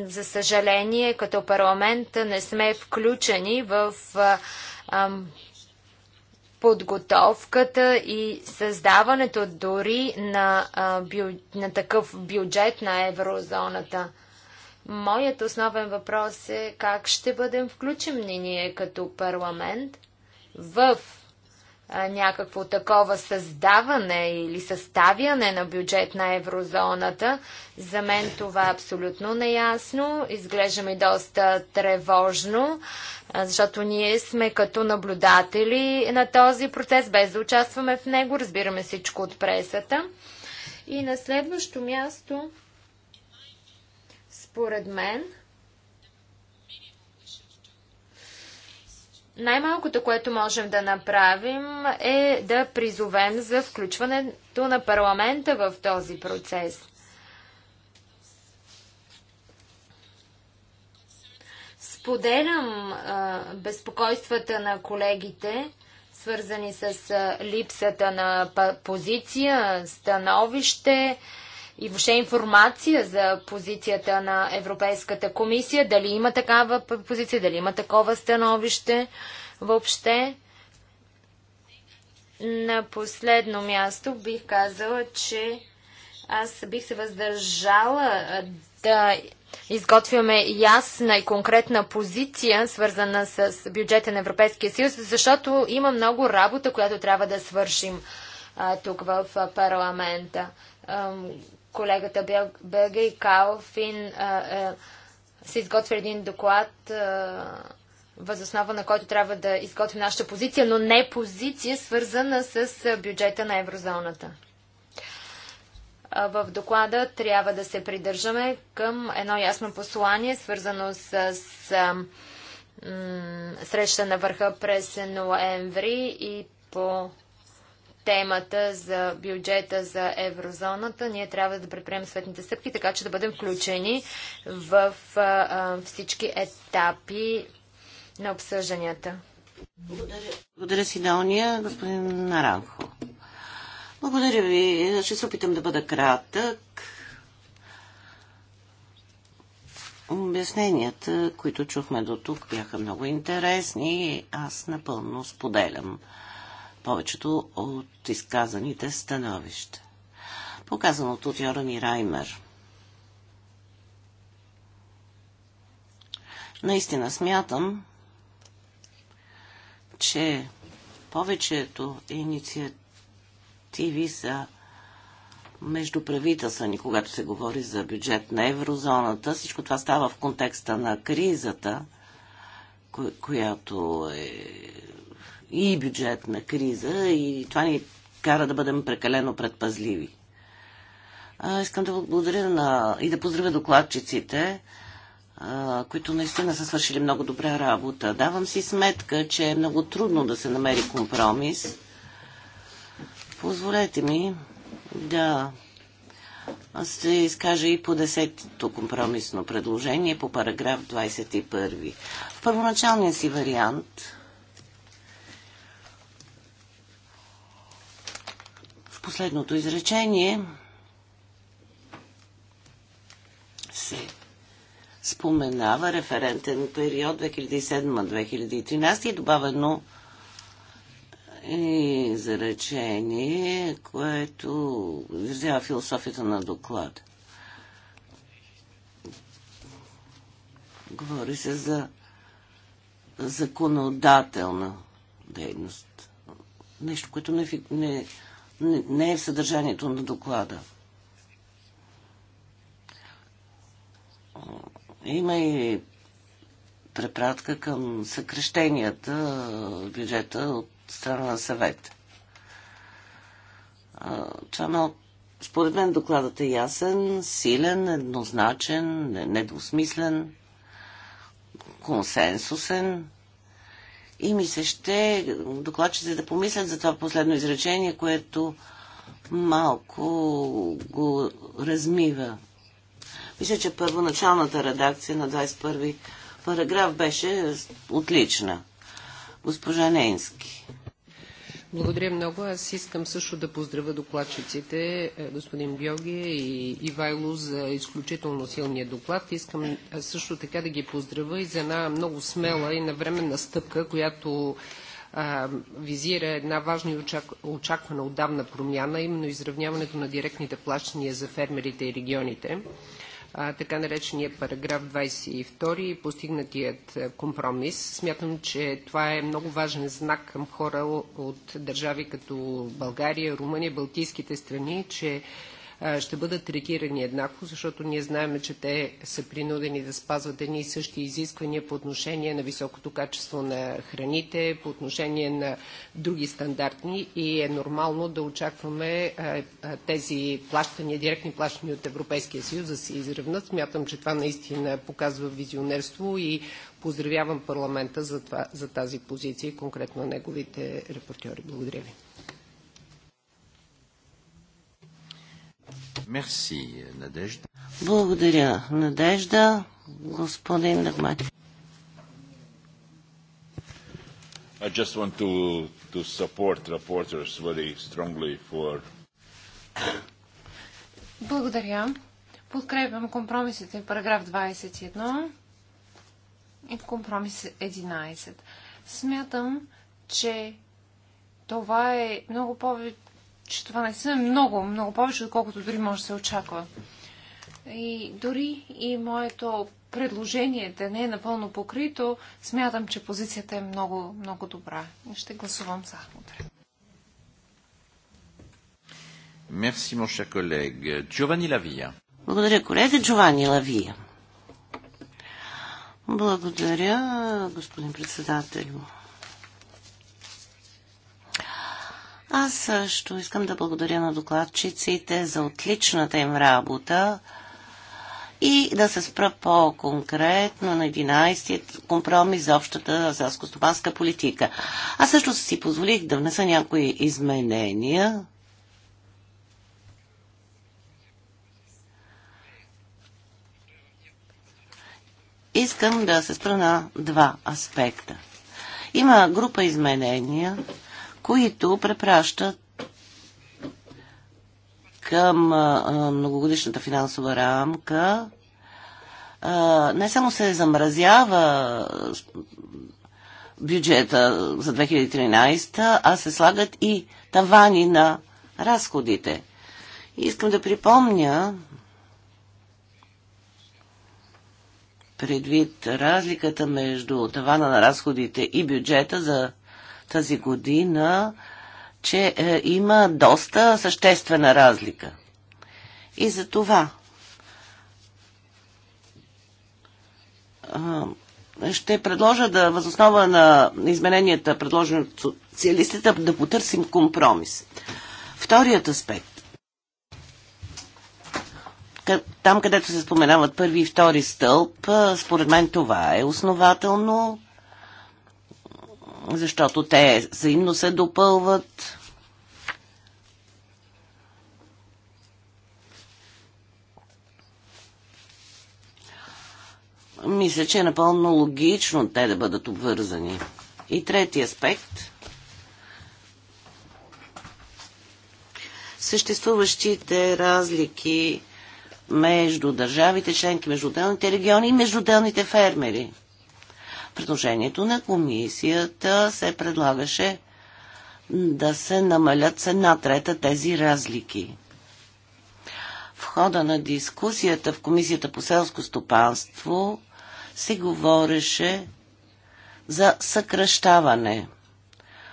За съжаление, като парламент не сме включени в а, а, подготовката и създаването дори на, бю, на такъв бюджет на еврозоната. Моят основен въпрос е как ще бъдем включени ние като парламент в а, някакво такова създаване или съставяне на бюджет на еврозоната. За мен това е абсолютно неясно. Изглежда ми доста тревожно, а, защото ние сме като наблюдатели на този процес, без да участваме в него. Разбираме всичко от пресата. И на следващо място според мен, най-малкото, което можем да направим е да призовем за включването на парламента в този процес. Споделям а, безпокойствата на колегите, свързани с а, липсата на позиция, становище, а, и въобще информация за позицията на Европейската комисия, дали има такава позиция, дали има такова становище въобще. На последно място бих казала, че аз бих се въздържала да изготвяме ясна и конкретна позиция, свързана с бюджета на Европейския съюз, защото има много работа, която трябва да свършим а, тук в парламента колегата Белга и Калфин са изготвили един доклад, възоснова на който трябва да изготвим нашата позиция, но не позиция свързана с бюджета на еврозоната. В доклада трябва да се придържаме към едно ясно послание, свързано с, с среща на върха през ноември и по темата за бюджета за еврозоната, ние трябва да предприемем светните стъпки, така че да бъдем включени в а, всички етапи на обсъжданията. Благодаря, благодаря Сидония, господин Наранхо. Благодаря ви. Ще се опитам да бъда кратък. Обясненията, които чухме до тук, бяха много интересни. Аз напълно споделям повечето от изказаните становища. Показаното от Йоран и Раймер. Наистина смятам, че повечето инициативи са междуправителствени, когато се говори за бюджет на еврозоната. Всичко това става в контекста на кризата, която е и бюджетна криза и това ни кара да бъдем прекалено предпазливи. А, искам да благодаря на, и да поздравя докладчиците, а, които наистина са свършили много добра работа. Давам си сметка, че е много трудно да се намери компромис. Позволете ми да аз ще изкажа и по десетото компромисно предложение по параграф 21. В първоначалния си вариант последното изречение се споменава референтен период 2007-2013 и добавено е изречение, което изразява философията на доклада. Говори се за законодателна дейност. Нещо, което не, не не е в съдържанието на доклада. Има и препратка към съкрещенията бюджета от страна на съвет. Това според мен докладът е ясен, силен, еднозначен, недвусмислен, консенсусен. И ми се ще докладчите да помислят за това последно изречение, което малко го размива. Мисля, че първоначалната редакция на 21 параграф беше отлична. Госпожа Нейнски. Благодаря много. Аз искам също да поздравя докладчиците, е, господин Георги и Ивайло, за изключително силния доклад. Искам е, също така да ги поздравя и за една много смела и навременна стъпка, която визира една важна и очаквана отдавна промяна, именно изравняването на директните плащания за фермерите и регионите така наречения параграф 22 и постигнатият компромис. Смятам, че това е много важен знак към хора от държави като България, Румъния, Балтийските страни, че ще бъдат третирани еднакво, защото ние знаем, че те са принудени да спазват едни и същи изисквания по отношение на високото качество на храните, по отношение на други стандартни и е нормално да очакваме тези плащания, директни плащания от Европейския съюз да се изравнат. Смятам, че това наистина показва визионерство и поздравявам парламента за, това, за тази позиция и конкретно неговите репортьори. Благодаря ви. Мерси, Надежда. Благодаря, Надежда. Господин Нагмати. I just want to, to support reporters very strongly for... Благодаря. Подкрепям компромисите в параграф 21 и компромис 11. Смятам, че това е много повече че това наистина е много, много повече, отколкото дори може да се очаква. И дори и моето предложение да не е напълно покрито, смятам, че позицията е много, много добра. Ще гласувам за утре. Merci, mon cher collègue. Giovanni Lavia. Благодаря, колега Джовани Лавия. Благодаря, господин председател. Аз също искам да благодаря на докладчиците за отличната им работа и да се спра по-конкретно на 11 тият компромис за общата селско-стопанска политика. Аз също си позволих да внеса някои изменения. Искам да се спра на два аспекта. Има група изменения – които препращат към многогодишната финансова рамка. Не само се замразява бюджета за 2013, а се слагат и тавани на разходите. И искам да припомня, предвид разликата между тавана на разходите и бюджета за тази година, че е, има доста съществена разлика. И за това е, ще предложа да възоснова на измененията, предложени от социалистите, да потърсим компромис. Вторият аспект. Там, където се споменават първи и втори стълб, според мен това е основателно защото те взаимно се допълват. Мисля, че е напълно логично те да бъдат обвързани. И трети аспект съществуващите разлики между държавите членки, между отделните региони и между отделните фермери предложението на комисията се предлагаше да се намалят се трета тези разлики. В хода на дискусията в Комисията по селско стопанство се говореше за съкръщаване.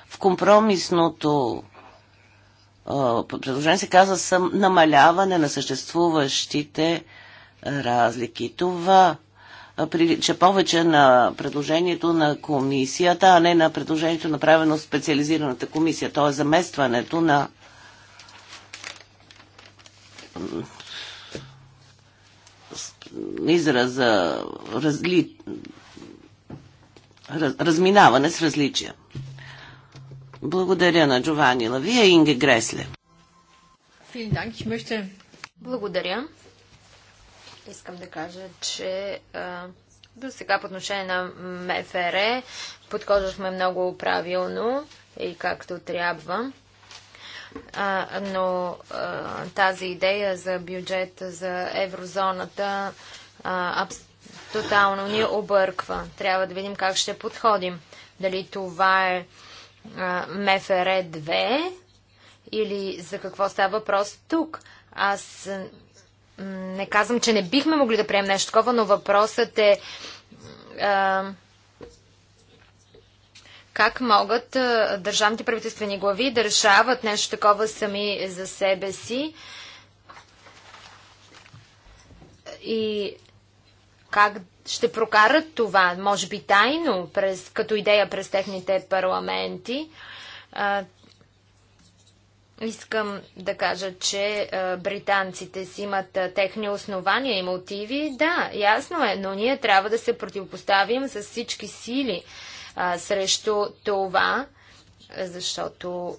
В компромисното предложение се казва съм намаляване на съществуващите разлики. Това прилича повече на предложението на комисията, а не на предложението направено в специализираната комисия, То е заместването на израза разли... раз... разминаване с различия. Благодаря на Джованни Лавия и Инге Гресле. Благодаря. Искам да кажа, че до сега по отношение на МФР подхождахме много правилно и както трябва. А, но а, тази идея за бюджет за еврозоната а, абс... тотално ни обърква. Трябва да видим как ще подходим. Дали това е МФР 2 или за какво става въпрос тук. Аз не казвам, че не бихме могли да приемем нещо такова, но въпросът е а, как могат а, държавните правителствени глави да решават нещо такова сами за себе си и как ще прокарат това, може би тайно, през, като идея през техните парламенти. А, Искам да кажа, че британците си имат техни основания и мотиви. Да, ясно е, но ние трябва да се противопоставим с всички сили а, срещу това, защото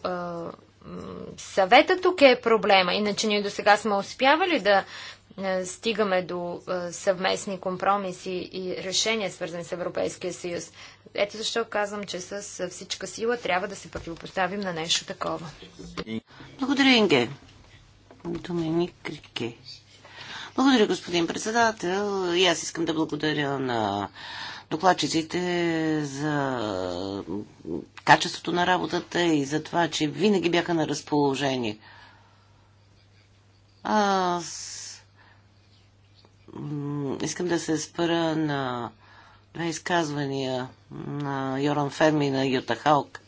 съветът тук е проблема. Иначе ние до сега сме успявали да е, стигаме до е, съвместни компромиси и решения, свързани с Европейския съюз. Ето защо казвам, че с всичка сила трябва да се противопоставим на нещо такова. Благодаря, Инге. Доминик е Крике. Благодаря, господин председател. И аз искам да благодаря на докладчиците за качеството на работата и за това, че винаги бяха на разположение. Аз Искам да се спра на две изказвания на Йоран Ферми и на Юта Халк,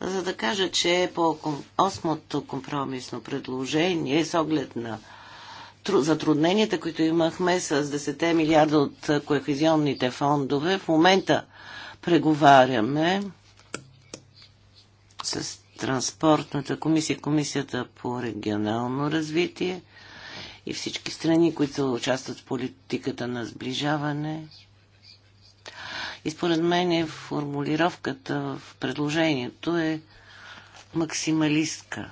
за да кажа, че по осмото компромисно предложение с оглед на затрудненията, които имахме с 10 милиарда от коехизионните фондове, в момента преговаряме с Транспортната комисия, Комисията по регионално развитие и всички страни, които участват в политиката на сближаване. И според мен е формулировката в предложението е максималистка.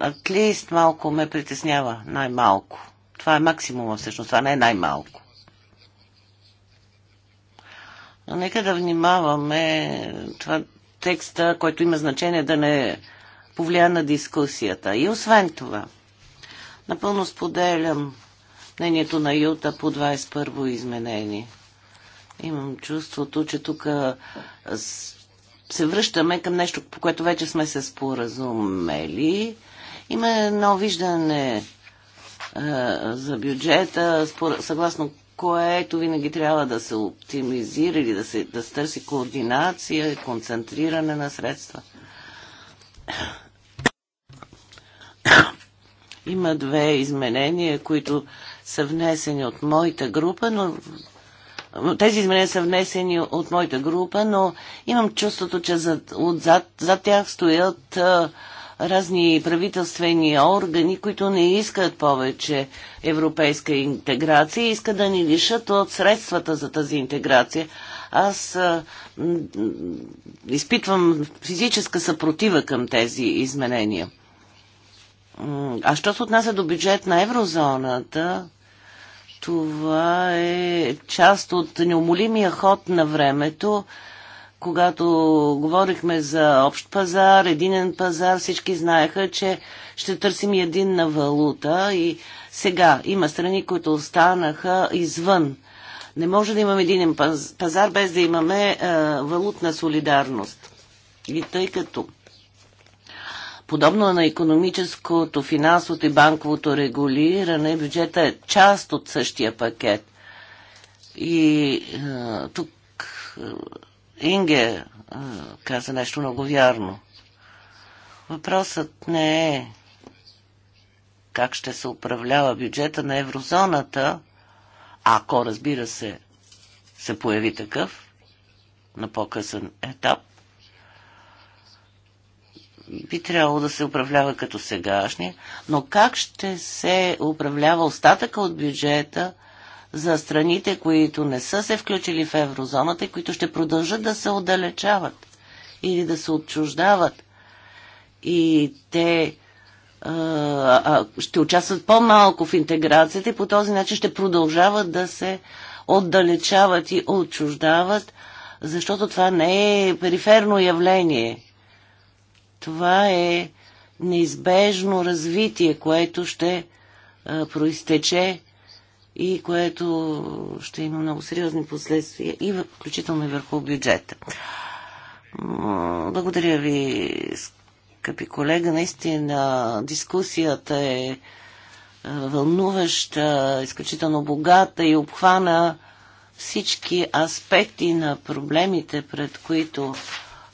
Атлист малко ме притеснява, най-малко. Това е максимума всъщност, това не е най-малко. Нека да внимаваме това текста, който има значение да не повлия на дискусията. И освен това, напълно споделям мнението на Юта по 21 во изменение. Имам чувството, че тук се връщаме към нещо, по което вече сме се споразумели. Има едно виждане е, за бюджета, спор... съгласно което винаги трябва да се оптимизира или да се да търси координация и концентриране на средства. Има две изменения, които са внесени от моята група, но тези изменения са внесени от моята група, но имам чувството, че зад, отзад, зад тях стоят а, разни правителствени органи, които не искат повече европейска интеграция и искат да ни лишат от средствата за тази интеграция. Аз а, изпитвам физическа съпротива към тези изменения. А що се отнася до бюджет на еврозоната, това е част от неумолимия ход на времето, когато говорихме за общ пазар, единен пазар, всички знаеха, че ще търсим единна валута и сега има страни, които останаха извън. Не може да имаме единен пазар без да имаме е, валутна солидарност. И тъй като Подобно на економическото, финансовото и банковото регулиране, бюджета е част от същия пакет. И а, е, тук е, Инге а, е, каза нещо много вярно. Въпросът не е как ще се управлява бюджета на еврозоната, ако, разбира се, се появи такъв на по-късен етап – би трябвало да се управлява като сегашния, но как ще се управлява остатъка от бюджета за страните, които не са се включили в еврозоната и които ще продължат да се отдалечават или да се отчуждават. И те а, ще участват по-малко в интеграцията и по този начин ще продължават да се отдалечават и отчуждават, защото това не е периферно явление. Това е неизбежно развитие, което ще проистече и което ще има много сериозни последствия, и включително и върху бюджета. Благодаря ви, скъпи колега. Наистина дискусията е вълнуваща, изключително богата и обхвана всички аспекти на проблемите, пред които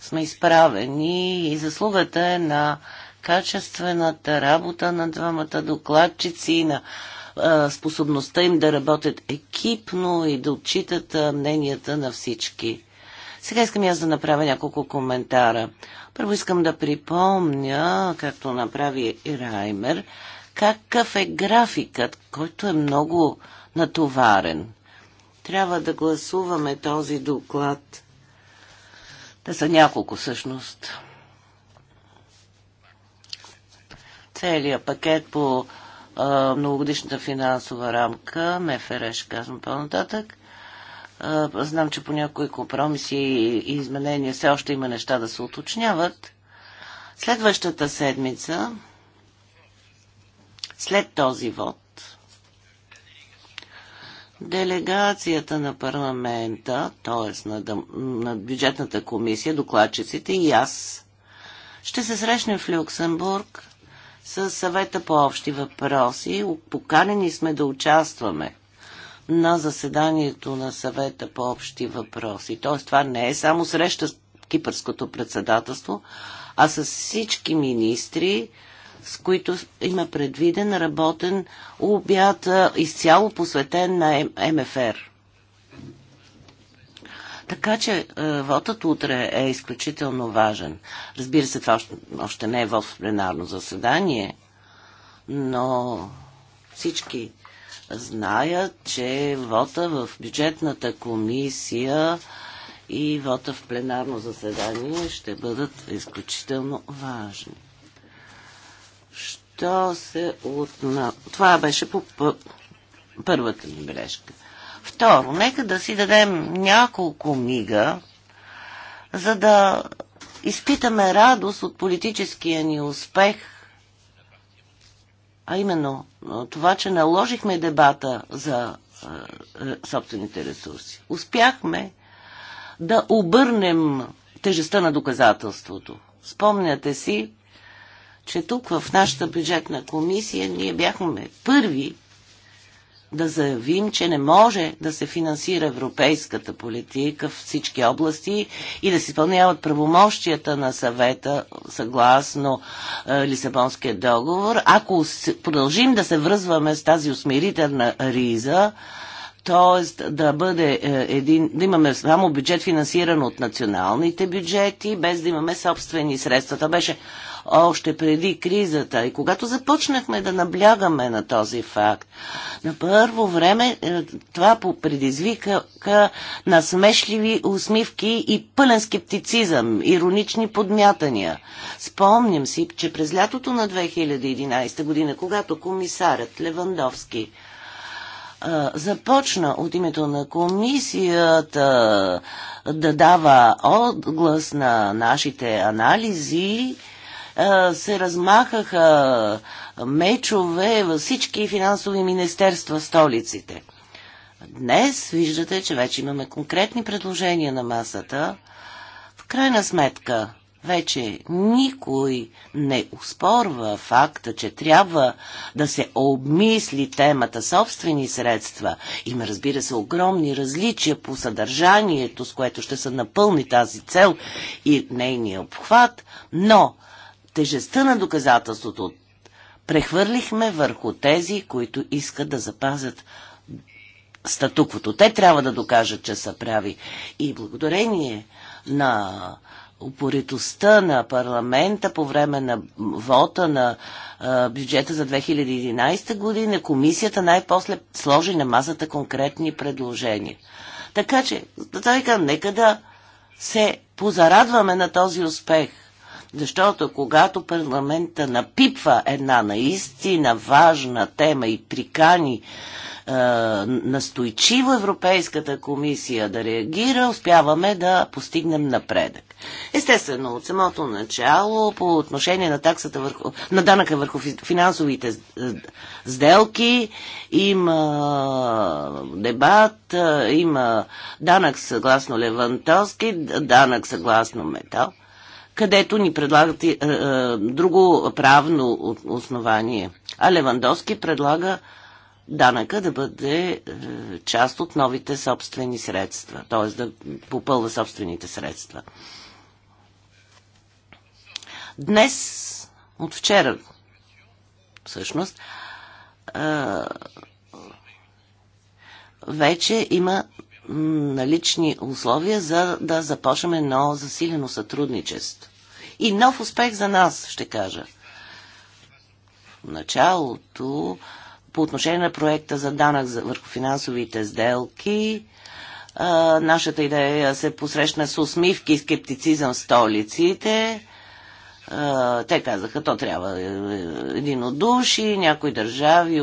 сме изправени и заслугата е на качествената работа на двамата докладчици, на а, способността им да работят екипно и да отчитат а, мненията на всички. Сега искам аз да направя няколко коментара. Първо искам да припомня, както направи и Раймер, какъв е графикът, който е много натоварен. Трябва да гласуваме този доклад те са няколко всъщност. Целият пакет по а, многогодишната финансова рамка, МФР, ще казвам по-нататък. Знам, че по някои компромиси и изменения все още има неща да се уточняват. Следващата седмица, след този вод, Делегацията на парламента, т.е. На, на бюджетната комисия, докладчиците и аз ще се срещнем в Люксембург с съвета по общи въпроси. Поканени сме да участваме на заседанието на съвета по общи въпроси. Т.е. това не е само среща с кипърското председателство, а с всички министри, с които има предвиден работен обяд, изцяло посветен на МФР. Така че вотът утре е изключително важен. Разбира се, това още не е в пленарно заседание, но всички знаят, че вота в бюджетната комисия и вота в пленарно заседание ще бъдат изключително важни то се от... Това беше по първата ми бележка. Второ, нека да си дадем няколко мига, за да изпитаме радост от политическия ни успех, а именно това, че наложихме дебата за собствените ресурси. Успяхме да обърнем тежестта на доказателството. Спомняте си, че тук в нашата бюджетна комисия ние бяхме първи да заявим, че не може да се финансира европейската политика в всички области и да се изпълняват правомощията на съвета съгласно е, Лисабонския договор. Ако продължим да се връзваме с тази усмирителна риза, т.е. да бъде е, един, да имаме само бюджет финансиран от националните бюджети, без да имаме собствени средства. Това беше още преди кризата. И когато започнахме да наблягаме на този факт, на първо време е, това предизвика насмешливи усмивки и пълен скептицизъм, иронични подмятания. Спомням си, че през лятото на 2011 година, когато комисарят Левандовски е, започна от името на комисията е, да дава отглас на нашите анализи, се размахаха мечове във всички финансови министерства в столиците. Днес виждате, че вече имаме конкретни предложения на масата. В крайна сметка, вече никой не успорва факта, че трябва да се обмисли темата собствени средства. Има, разбира се, огромни различия по съдържанието, с което ще се напълни тази цел и нейния обхват, но тежестта на доказателството прехвърлихме върху тези, които искат да запазят статуквото. Те трябва да докажат, че са прави. И благодарение на упоритостта на парламента по време на вота на а, бюджета за 2011 година, комисията най-после сложи на масата конкретни предложения. Така че, да нека да се позарадваме на този успех. Защото когато парламента напипва една наистина важна тема и прикани е, настойчиво Европейската комисия да реагира, успяваме да постигнем напредък. Естествено, от самото начало, по отношение на таксата върху, на данъка върху финансовите сделки, има дебат, има данък съгласно Левантовски, данък съгласно Метал където ни предлагат е, е, друго правно основание. А Левандовски предлага данъка да бъде е, част от новите собствени средства, т.е. да попълва собствените средства. Днес, от вчера, всъщност, е, вече има налични условия, за да започнем едно засилено сътрудничество. И нов успех за нас, ще кажа. В началото, по отношение на проекта за данък върху финансовите сделки, нашата идея се посрещна с усмивки и скептицизъм в столиците те казаха, то трябва е, е, единодуши, някои държави,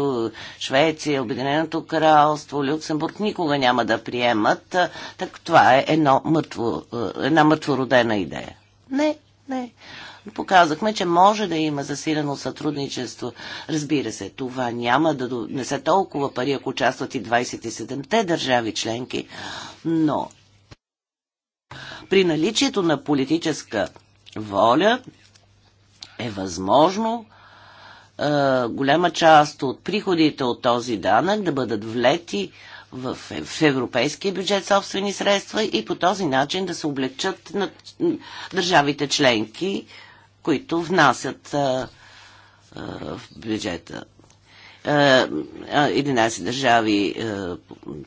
Швеция, Обединеното кралство, Люксембург никога няма да приемат. Так това е едно мъртво, е, една мъртвородена идея. Не, не. Показахме, че може да има засилено сътрудничество. Разбира се, това няма да не толкова пари, ако участват и 27-те държави членки, но при наличието на политическа воля е възможно е, голяма част от приходите от този данък да бъдат влети в, в европейския бюджет собствени средства и по този начин да се облегчат на държавите членки, които внасят е, е, в бюджета. е, 11 е, държави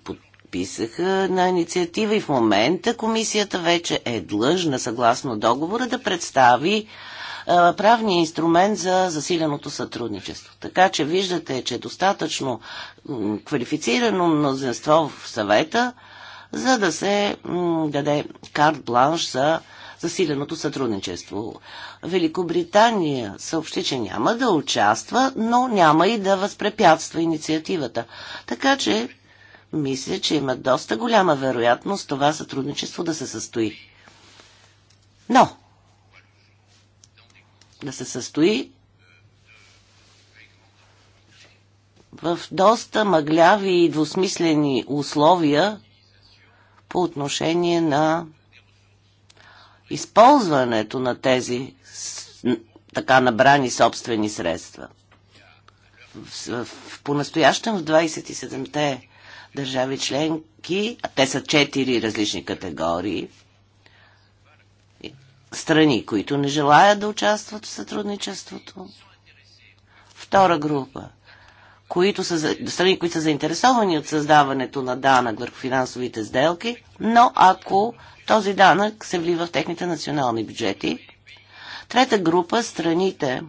под е, подписаха на инициатива и в момента комисията вече е длъжна, съгласно договора, да представи а, правния инструмент за засиленото сътрудничество. Така че виждате, че е достатъчно квалифицирано мнозинство в съвета, за да се даде карт бланш за засиленото сътрудничество. Великобритания съобщи, че няма да участва, но няма и да възпрепятства инициативата. Така че мисля, че има доста голяма вероятност това сътрудничество да се състои. Но, да се състои в доста мъгляви и двусмислени условия по отношение на използването на тези така набрани собствени средства. В, в, по-настоящем в 27-те държави членки, а те са 4 различни категории, страни, които не желаят да участват в сътрудничеството. Втора група, които са, страни, които са заинтересовани от създаването на данък върху финансовите сделки, но ако този данък се влива в техните национални бюджети. Трета група, страните,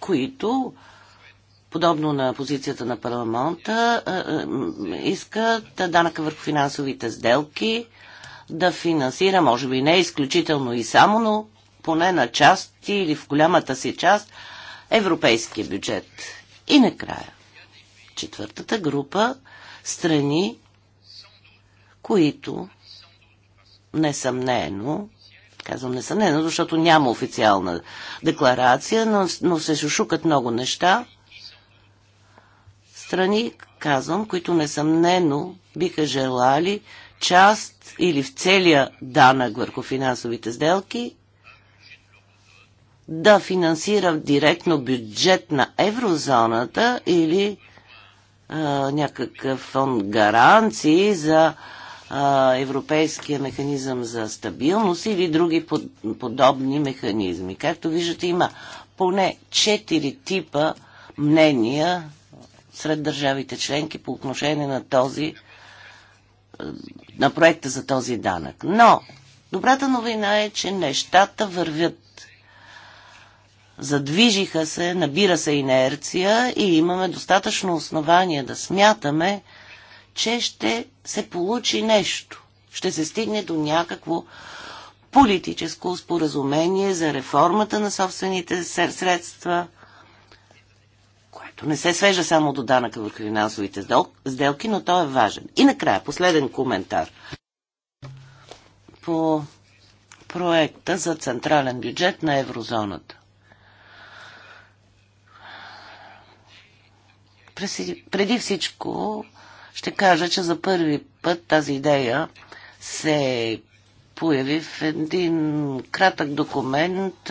които подобно на позицията на парламента, е, е, искат данъка върху финансовите сделки да финансира, може би не изключително и само, но поне на част или в голямата си част европейския бюджет. И накрая, четвъртата група страни, които несъмнено, казвам несъмнено, защото няма официална декларация, но, но се шушукат много неща, страни, казвам, които несъмнено биха желали част или в целия данък върху финансовите сделки да финансира директно бюджет на еврозоната или а, някакъв фонд гаранции за а, Европейския механизъм за стабилност или други под, подобни механизми. Както виждате, има поне четири типа мнения сред държавите членки по отношение на този на проекта за този данък. Но добрата новина е, че нещата вървят. Задвижиха се, набира се инерция и имаме достатъчно основания да смятаме, че ще се получи нещо. Ще се стигне до някакво политическо споразумение за реформата на собствените средства – който не се свежда само до данъка върху финансовите сделки, но той е важен. И накрая, последен коментар. По проекта за централен бюджет на еврозоната. Преди всичко ще кажа, че за първи път тази идея се появи в един кратък документ,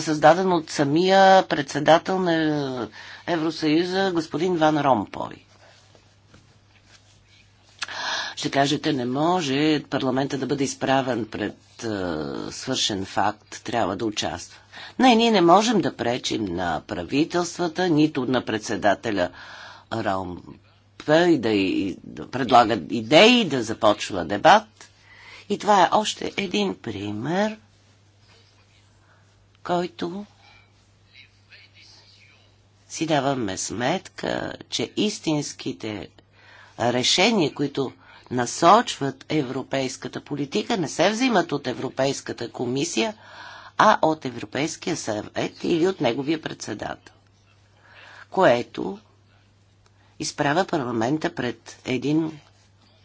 създаден от самия председател на Евросъюза господин Ван Ромпой. Ще кажете, не може парламента да бъде изправен пред е, свършен факт, трябва да участва. Не, ние не можем да пречим на правителствата, нито на председателя Ромпой да, и, да предлага идеи, да започва дебат. И това е още един пример, който си даваме сметка, че истинските решения, които насочват европейската политика, не се взимат от Европейската комисия, а от Европейския съвет или от неговия председател. Което изправя парламента пред един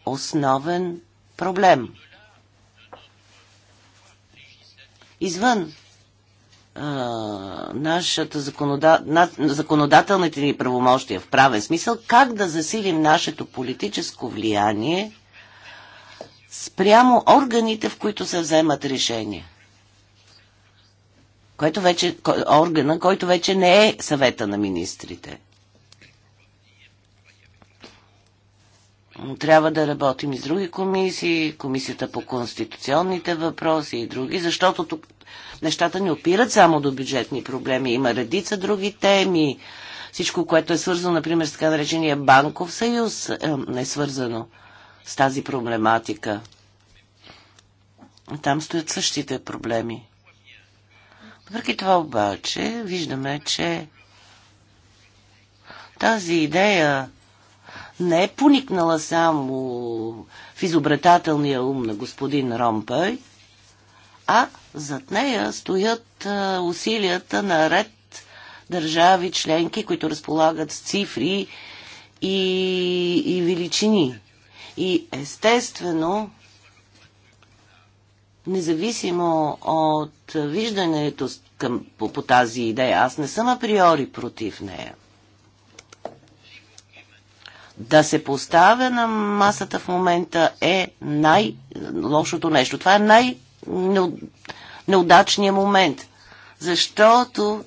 основен проблем. Извън нашата законода... законодателните ни правомощия в правен смисъл, как да засилим нашето политическо влияние спрямо органите, в които се вземат решения. Който вече, органа, който вече не е съвета на министрите. Но трябва да работим и с други комисии, комисията по конституционните въпроси и други, защото тук нещата не опират само до бюджетни проблеми. Има редица други теми. Всичко, което е свързано, например, с така наречения банков съюз, е, е свързано с тази проблематика. Там стоят същите проблеми. Въпреки това обаче, виждаме, че тази идея не е поникнала само в изобретателния ум на господин Ромпой, а зад нея стоят усилията на ред държави членки, които разполагат с цифри и, и величини. И естествено, независимо от виждането към, по, по тази идея, аз не съм априори против нея да се поставя на масата в момента е най-лошото нещо. Това е най-неудачният момент, защото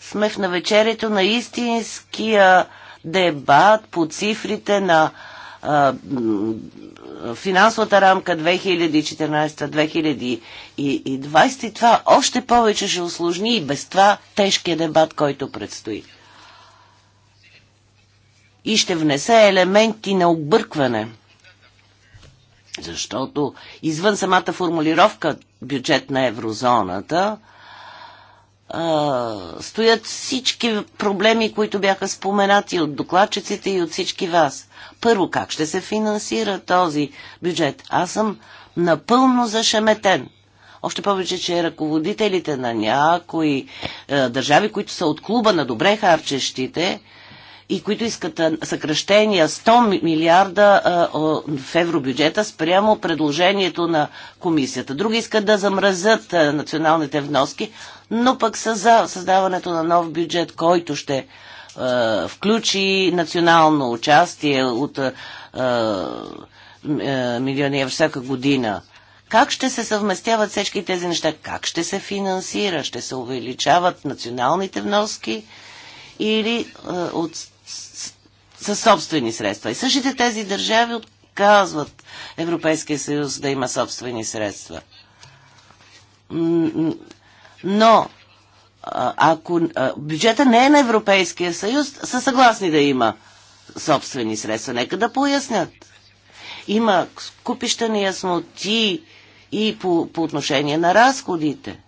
сме в навечерието на истинския дебат по цифрите на а, финансовата рамка 2014-2020. и Това още повече ще осложни и без това тежкия дебат, който предстои и ще внесе елементи на объркване. Защото извън самата формулировка бюджет на еврозоната а, стоят всички проблеми, които бяха споменати от докладчиците и от всички вас. Първо, как ще се финансира този бюджет? Аз съм напълно зашеметен. Още повече, че ръководителите на някои е, държави, които са от клуба на добре харчещите, и които искат съкръщения 100 милиарда в евробюджета спрямо предложението на комисията. Други искат да замразят националните вноски, но пък са за създаването на нов бюджет, който ще включи национално участие от милиони евро всяка година. Как ще се съвместяват всички тези неща? Как ще се финансира? Ще се увеличават националните вноски? или от със собствени средства. И същите тези държави отказват Европейския съюз да има собствени средства. Но ако бюджета не е на Европейския съюз, са съгласни да има собствени средства. Нека да пояснят. Има купища неясноти и по, по отношение на разходите.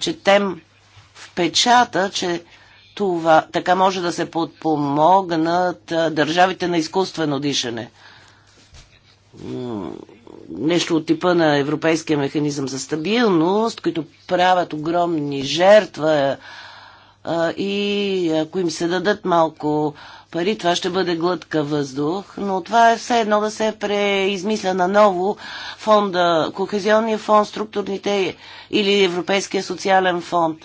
Четем в печата, че това, така може да се подпомогнат държавите на изкуствено дишане. Нещо от типа на Европейския механизъм за стабилност, които правят огромни жертва и ако им се дадат малко пари, това ще бъде глътка въздух, но това е все едно да се преизмисля наново фонда, Кохезионния фонд, структурните или Европейския социален фонд.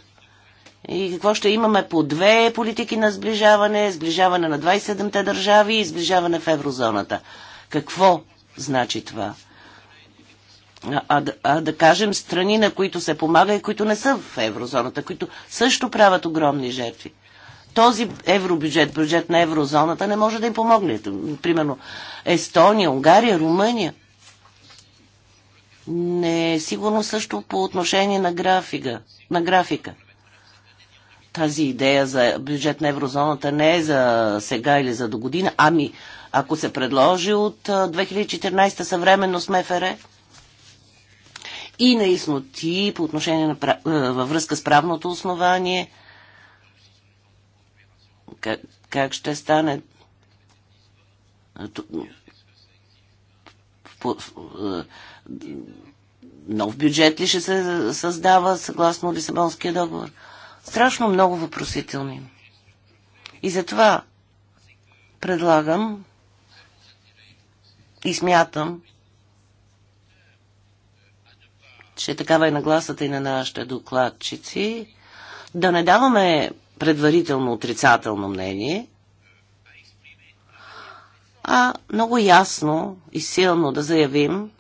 И какво ще имаме по две политики на сближаване, сближаване на 27-те държави и сближаване в еврозоната. Какво значи това? А, а, а да кажем страни, на които се помага и които не са в еврозоната, които също правят огромни жертви. Този евробюджет, бюджет на еврозоната не може да им помогне. Примерно Естония, Унгария, Румъния. Не, е сигурно също по отношение на графика. На графика. Тази идея за бюджет на еврозоната не е за сега или за до година, ами ако се предложи от 2014 съвременно с МФР и на ясноти по отношение на, във връзка с правното основание, как, как ще стане нов бюджет ли ще се създава съгласно Лисабонския договор? страшно много въпросителни. И затова предлагам и смятам, че такава е нагласата и на нашите докладчици, да не даваме предварително отрицателно мнение, а много ясно и силно да заявим,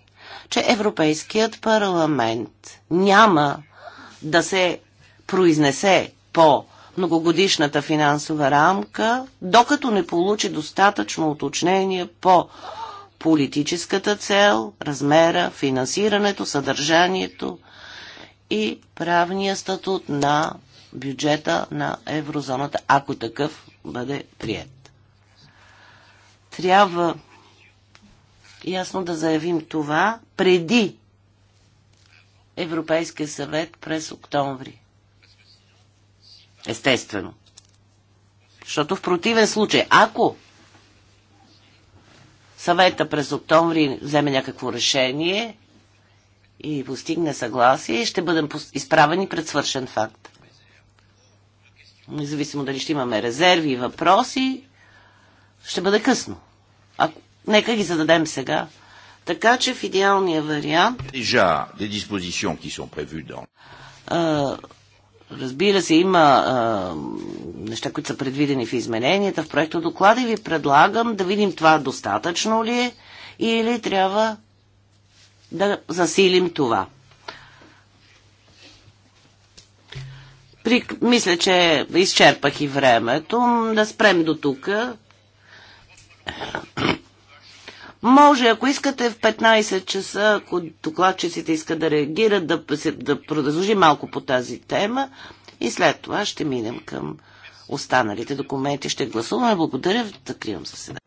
че Европейският парламент няма да се произнесе по многогодишната финансова рамка, докато не получи достатъчно уточнение по политическата цел, размера, финансирането, съдържанието и правния статут на бюджета на еврозоната, ако такъв бъде прият. Трябва ясно да заявим това преди Европейския съвет през октомври. Естествено. Защото в противен случай, ако съвета през октомври вземе някакво решение и постигне съгласие, ще бъдем изправени пред свършен факт. Независимо дали ще имаме резерви и въпроси, ще бъде късно. А, нека ги зададем сега. Така че в идеалния вариант... Déjà, des dispositions qui sont prévues dans... Разбира се, има а, неща, които са предвидени в измененията, в проекта доклада и ви предлагам да видим това достатъчно ли е или трябва да засилим това. При... Мисля, че изчерпах и времето. Да спрем до тук. Може, ако искате в 15 часа, ако докладчиците искат да реагират, да, да продължи малко по тази тема и след това ще минем към останалите документи. Ще гласуваме. Благодаря. Закривам заседанието.